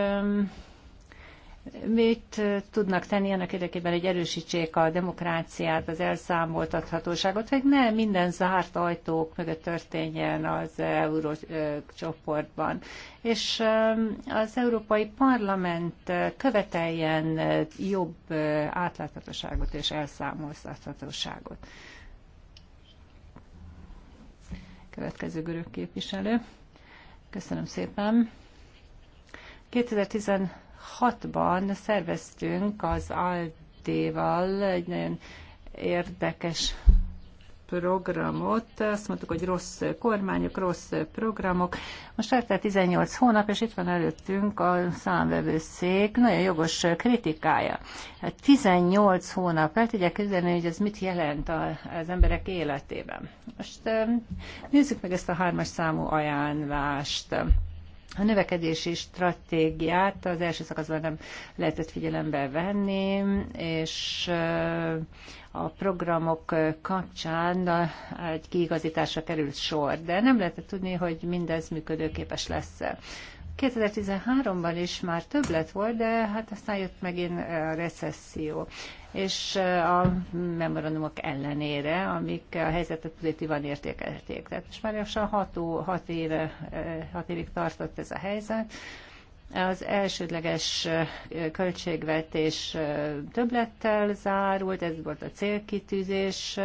mit tudnak tenni annak érdekében, hogy erősítsék a demokráciát, az elszámoltathatóságot, hogy ne minden zárt ajtók mögött történjen az eurócsoportban. És az Európai Parlament követeljen jobb átláthatóságot és elszámoltathatóságot. Következő görög képviselő. Köszönöm szépen. 2010 2006-ban szerveztünk az Aldéval egy nagyon érdekes programot. Azt mondtuk, hogy rossz kormányok, rossz programok. Most eltelt 18 hónap, és itt van előttünk a számvevőszék nagyon jogos kritikája. Hát 18 hónap, el tudják képzelni, hogy ez mit jelent az emberek életében. Most nézzük meg ezt a hármas számú ajánlást. A növekedési stratégiát az első szakaszban nem lehetett figyelembe venni, és a programok kapcsán egy kiigazításra került sor, de nem lehetett tudni, hogy mindez működőképes lesz-e. 2013-ban is már több lett volt, de hát aztán jött megint a recesszió és a memorandumok ellenére, amik a helyzetet pozitívan értékelték. Tehát most már lassan hat, hat, éve, hat évig tartott ez a helyzet. Az elsődleges költségvetés többlettel zárult, ez volt a célkitűzés,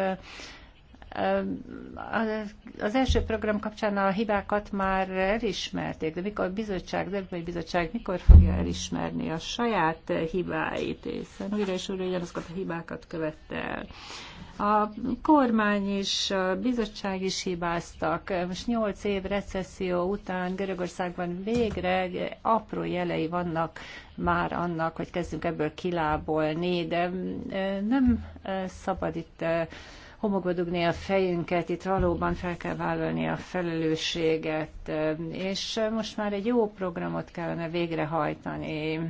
az első program kapcsán a hibákat már elismerték, de mikor a bizottság, az Európai Bizottság mikor fogja elismerni a saját hibáit, hiszen újra és újra ugyanazokat a hibákat követte el. A kormány is, a bizottság is hibáztak. Most nyolc év recesszió után Görögországban végre apró jelei vannak már annak, hogy kezdünk ebből kilábolni, de nem szabad itt homokba dugni a fejünket, itt valóban fel kell vállalni a felelősséget, és most már egy jó programot kellene végrehajtani,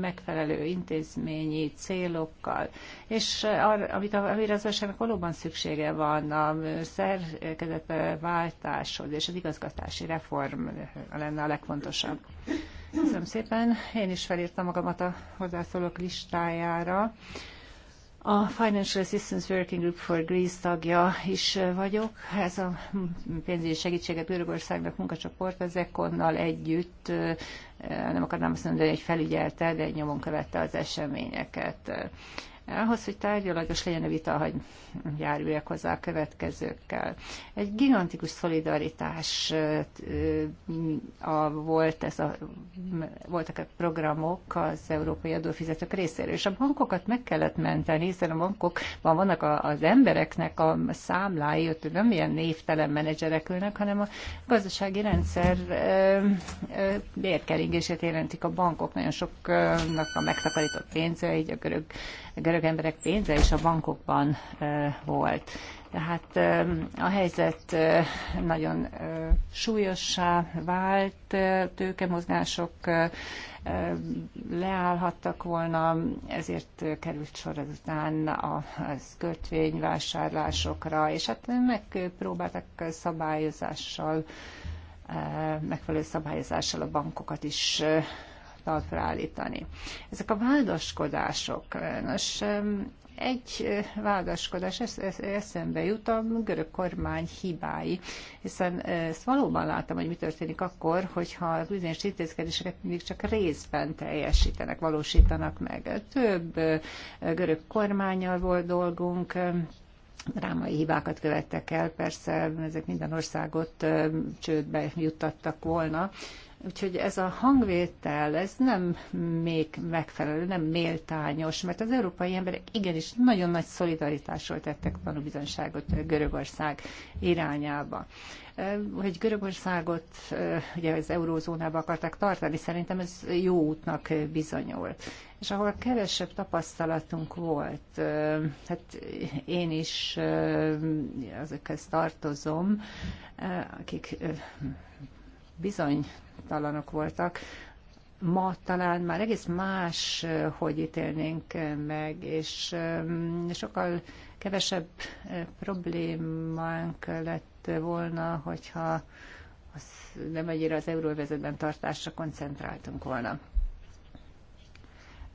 megfelelő intézményi célokkal, és ar, amit, amire az országnak valóban szüksége van a szerkezet váltáshoz, és az igazgatási reform lenne a legfontosabb. Köszönöm szépen, én is felírtam magamat a hozzászólók listájára. A Financial Assistance Working Group for Greece tagja is vagyok. Ez a pénzügyi segítséget Görögországnak munkacsoport az Ekonnal együtt, nem akarnám azt mondani, hogy felügyelte, de egy nyomon követte az eseményeket. Ahhoz, hogy tárgyalagos legyen a vita, hogy járuljak hozzá a következőkkel. Egy gigantikus szolidaritás a, volt ez a, voltak a programok az európai adófizetők részéről, és a bankokat meg kellett menteni, hiszen a bankokban vannak az embereknek a számlái, ott nem ilyen névtelen menedzserek ülnek, hanem a gazdasági rendszer bérkeringését jelentik a bankok. Nagyon soknak a megtakarított pénze, így a görög, a görög görög emberek pénze is a bankokban volt. Tehát a helyzet nagyon súlyossá vált, tőkemozgások leállhattak volna, ezért került sor ezután a kötvényvásárlásokra, és hát megpróbáltak szabályozással, megfelelő szabályozással a bankokat is talpra állítani. Ezek a vádaskodások, nos, egy vádaskodás es, es, eszembe jut a görög kormány hibái, hiszen ezt valóban láttam, hogy mi történik akkor, hogyha az bizonyos intézkedéseket mindig csak részben teljesítenek, valósítanak meg. Több görög kormányal volt dolgunk, drámai hibákat követtek el, persze ezek minden országot csődbe juttattak volna, Úgyhogy ez a hangvétel, ez nem még megfelelő, nem méltányos, mert az európai emberek igenis nagyon nagy szolidaritásról tettek tanúbizonyságot eh, Görögország irányába. Eh, hogy Görögországot eh, ugye az eurózónába akarták tartani, szerintem ez jó útnak bizonyul, És ahol kevesebb tapasztalatunk volt, hát én is azokhez tartozom, akik bizony talanok voltak. Ma talán már egész más, hogy ítélnénk meg, és mm, sokkal kevesebb eh, problémánk lett volna, hogyha az nem egyre az euróvezetben tartásra koncentráltunk volna.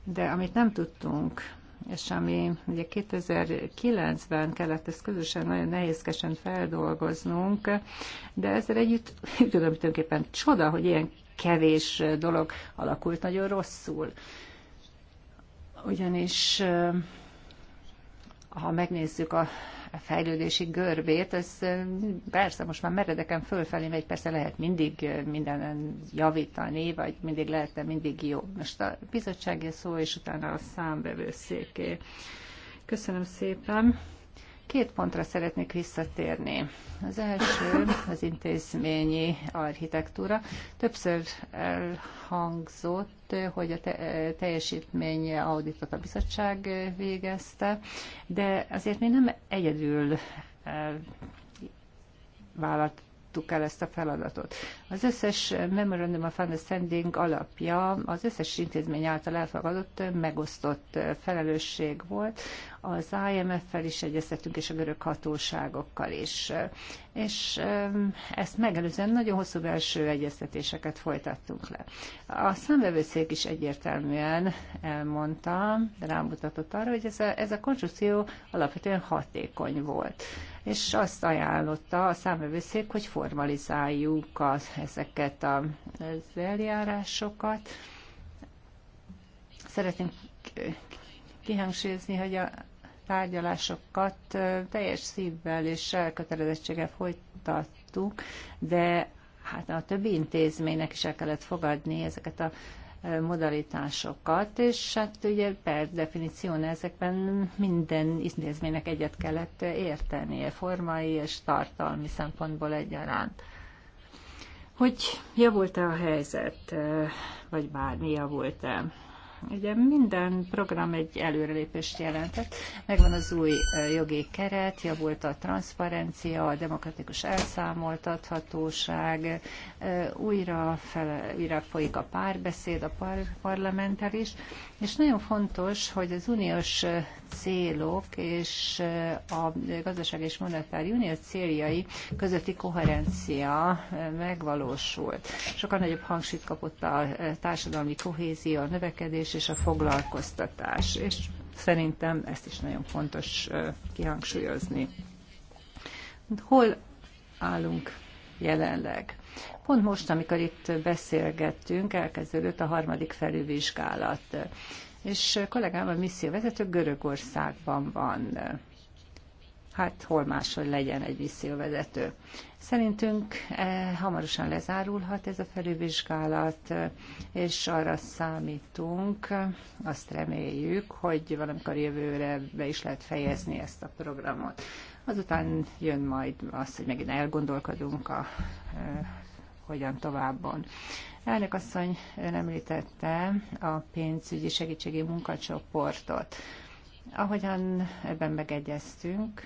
De amit nem tudtunk, és ami ugye 2009-ben kellett ezt közösen nagyon nehézkesen feldolgoznunk, de ezzel együtt tudom, tulajdonképpen csoda, hogy ilyen kevés dolog alakult nagyon rosszul. Ugyanis ha megnézzük a fejlődési görbét, ez persze most már meredeken fölfelé megy, persze lehet mindig mindenen javítani, vagy mindig lehetne mindig jó. Most a bizottsági szó, és utána a számbevőszéké. Köszönöm szépen. Két pontra szeretnék visszatérni. Az első az intézményi architektúra. Többször elhangzott, hogy a te teljesítmény auditot a bizottság végezte, de azért mi nem egyedül eh, vállalt láttuk el ezt a feladatot. Az összes Memorandum of Understanding alapja az összes intézmény által elfogadott megosztott felelősség volt. Az IMF-fel is egyeztetünk, és a görög hatóságokkal is. És ezt megelőzően nagyon hosszú belső egyeztetéseket folytattunk le. A számvevőszék is egyértelműen elmondta, rámutatott arra, hogy ez a, ez a konstrukció alapvetően hatékony volt és azt ajánlotta a számövőszék, hogy formalizáljuk az, ezeket a, az eljárásokat. Szeretnénk kihangsúlyozni, hogy a tárgyalásokat teljes szívvel és elkötelezettséggel folytattuk, de hát a többi intézménynek is el kellett fogadni ezeket a modalitásokat, és hát ugye per definíció ezekben minden intézménynek egyet kellett értenie, formai és tartalmi szempontból egyaránt. Hogy javult-e a helyzet, vagy bármi javult-e? Ugye minden program egy előrelépést jelentett. Megvan az új jogi keret, javult a transzparencia, a demokratikus elszámoltathatóság, újra, fele, újra folyik a párbeszéd a par- parlamenttel is, és nagyon fontos, hogy az uniós célok és a gazdaság és monetári unió céljai közötti koherencia megvalósult. Sokkal nagyobb hangsúlyt kapott a társadalmi kohézió, a növekedés növekedés és a foglalkoztatás, és szerintem ezt is nagyon fontos kihangsúlyozni. Hol állunk jelenleg? Pont most, amikor itt beszélgettünk, elkezdődött a harmadik felülvizsgálat, és kollégám a vezető Görögországban van hát hol máshol legyen egy misszióvezető. Szerintünk eh, hamarosan lezárulhat ez a felülvizsgálat, eh, és arra számítunk, eh, azt reméljük, hogy valamikor jövőre be is lehet fejezni ezt a programot. Azután jön majd az, hogy megint elgondolkodunk a eh, hogyan továbbon. Elnök asszony ön említette a pénzügyi segítségi munkacsoportot. Ahogyan ebben megegyeztünk,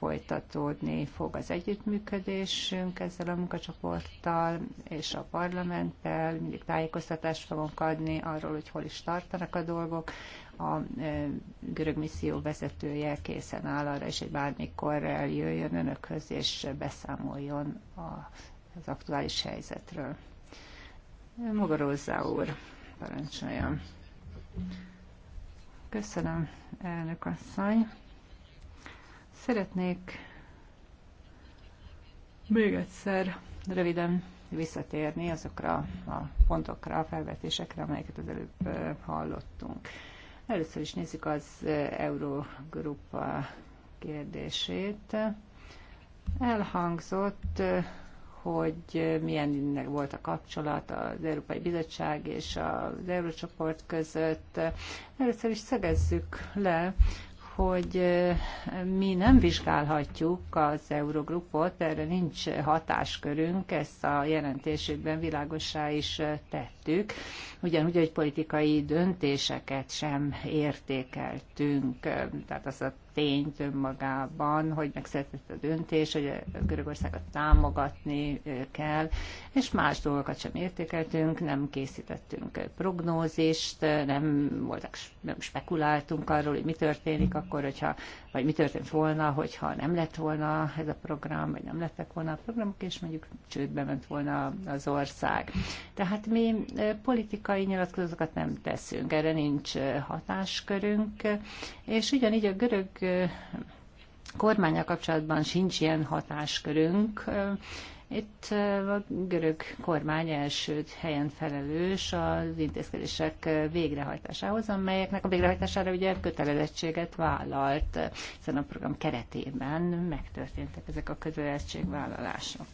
folytatódni fog az együttműködésünk ezzel a munkacsoporttal és a parlamenttel. Mindig tájékoztatást fogunk adni arról, hogy hol is tartanak a dolgok. A e, görög misszió vezetője készen áll arra, és egy bármikor eljöjjön önökhöz, és beszámoljon az aktuális helyzetről. Mogorózzá úr, parancsoljon. Köszönöm, elnök asszony. Szeretnék még egyszer röviden visszatérni azokra a pontokra, a felvetésekre, amelyeket az előbb hallottunk. Először is nézzük az Eurogrupa kérdését. Elhangzott, hogy milyen volt a kapcsolat az Európai Bizottság és az Eurócsoport között. Először is szegezzük le, hogy mi nem vizsgálhatjuk az Eurogrupot, erre nincs hatáskörünk, ezt a jelentésükben világosá is tettük, ugyanúgy, hogy politikai döntéseket sem értékeltünk, tehát azt a tényt önmagában, hogy megszületett a döntés, hogy a Görögországot támogatni kell, és más dolgokat sem értékeltünk, nem készítettünk prognózist, nem, voltak, nem spekuláltunk arról, hogy mi történik akkor, hogyha, vagy mi történt volna, hogyha nem lett volna ez a program, vagy nem lettek volna a programok, és mondjuk csődbe ment volna az ország. Tehát mi politikai nyilatkozatokat nem teszünk, erre nincs hatáskörünk, és ugyanígy a görög kormánya kapcsolatban sincs ilyen hatáskörünk. Itt a görög kormány első helyen felelős az intézkedések végrehajtásához, amelyeknek a végrehajtására ugye kötelezettséget vállalt, hiszen a program keretében megtörténtek ezek a kötelezettségvállalások.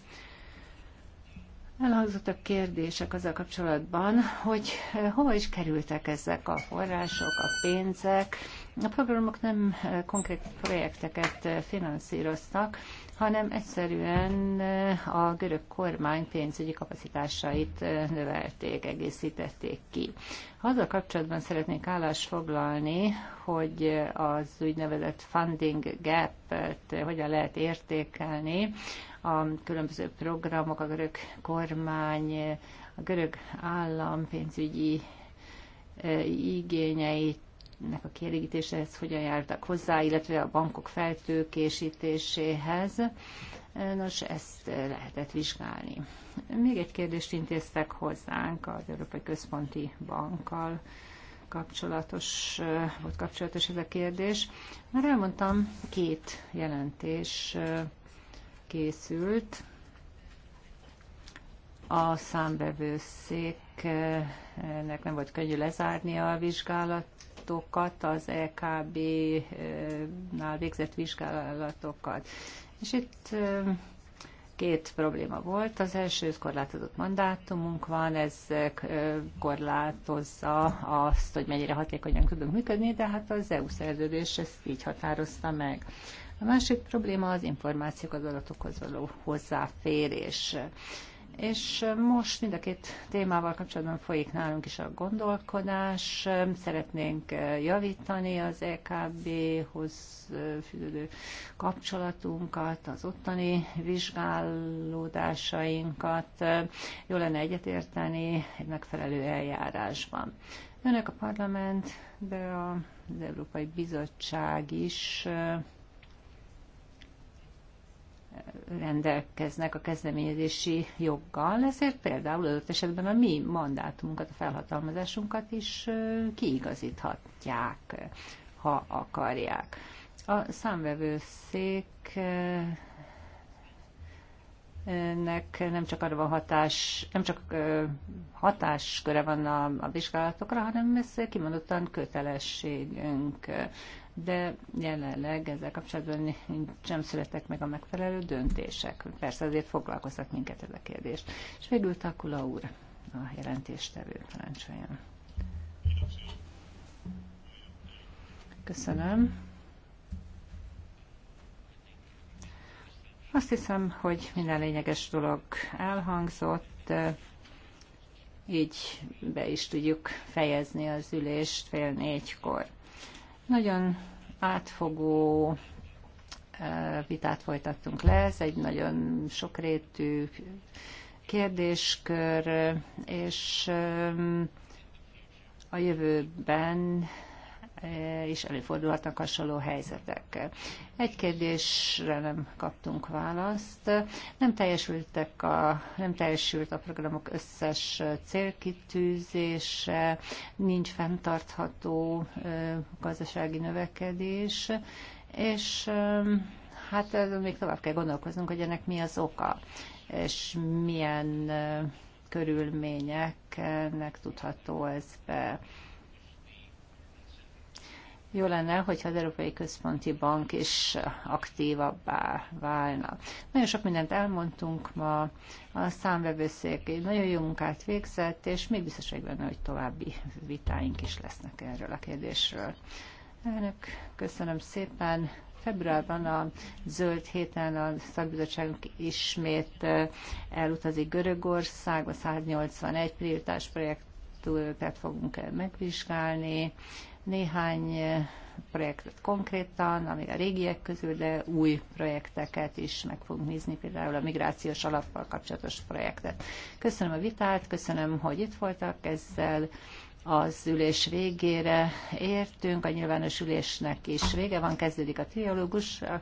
Elhangzottak kérdések azzal kapcsolatban, hogy hova is kerültek ezek a források, a pénzek, a programok nem eh, konkrét projekteket eh, finanszíroztak, hanem egyszerűen eh, a görög kormány pénzügyi kapacitásait növelték, egészítették ki. Azzal kapcsolatban szeretnék állást foglalni, hogy az úgynevezett funding gap-et hogyan lehet értékelni, a különböző programok, a görög kormány, a görög állam pénzügyi igényeit ennek a kielégítéséhez hogyan jártak hozzá, illetve a bankok feltőkésítéséhez. Nos, ezt lehetett vizsgálni. Még egy kérdést intéztek hozzánk az Európai Központi Bankkal kapcsolatos, volt kapcsolatos ez a kérdés. Már elmondtam, két jelentés készült. A számbevőszéknek nem volt könnyű lezárni a vizsgálat vizsgálatokat, az EKB-nál végzett vizsgálatokat. És itt két probléma volt. Az első, korlátozott mandátumunk van, ez korlátozza azt, hogy mennyire hatékonyan tudunk működni, de hát az EU szerződés ezt így határozta meg. A másik probléma az információk az adatokhoz való hozzáférés. És most mind a két témával kapcsolatban folyik nálunk is a gondolkodás. Szeretnénk javítani az EKB-hoz fűződő kapcsolatunkat, az ottani vizsgálódásainkat. Jó lenne egyetérteni egy megfelelő eljárásban. Önök a parlament, de az Európai Bizottság is rendelkeznek a kezdeményezési joggal, ezért például adott esetben a mi mandátumunkat, a felhatalmazásunkat is kiigazíthatják, ha akarják. A számvevőszék nek nem csak arra van hatás, nem csak hatásköre van a, a vizsgálatokra, hanem ez kimondottan kötelességünk de jelenleg ezzel kapcsolatban sem születtek meg a megfelelő döntések. Persze azért foglalkoztak minket ez a kérdés. És végül Takula úr, a jelentéstevő parancsoljon. Köszönöm. Azt hiszem, hogy minden lényeges dolog elhangzott, így be is tudjuk fejezni az ülést fél négykor. Nagyon átfogó eh, vitát folytattunk le, ez egy nagyon sokrétű kérdéskör, és eh, a jövőben Eh, és előfordulhatnak hasonló helyzetek. Egy kérdésre nem kaptunk választ. Nem, teljesültek a, nem teljesült a programok összes célkitűzése, nincs fenntartható eh, gazdasági növekedés, és eh, hát még tovább kell gondolkoznunk, hogy ennek mi az oka, és milyen körülményeknek tudható ez be jó lenne, hogyha az Európai Központi Bank is aktívabbá válna. Nagyon sok mindent elmondtunk ma, a számvevőszék egy nagyon jó munkát végzett, és még biztos vagy benne, hogy további vitáink is lesznek erről a kérdésről. Elnök, köszönöm szépen. Februárban a zöld héten a szakbizottságunk ismét elutazik Görögországba, 181 prioritás projektet fogunk megvizsgálni néhány eh, projektet konkrétan, ami a régiek közül, de új projekteket is meg fogunk nézni, például a migrációs alappal kapcsolatos projektet. Köszönöm a vitát, köszönöm, hogy itt voltak ezzel. Az ülés végére értünk, a nyilvános ülésnek is vége van, kezdődik a triológus, eh,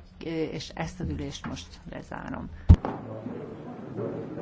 és ezt az ülést most lezárom.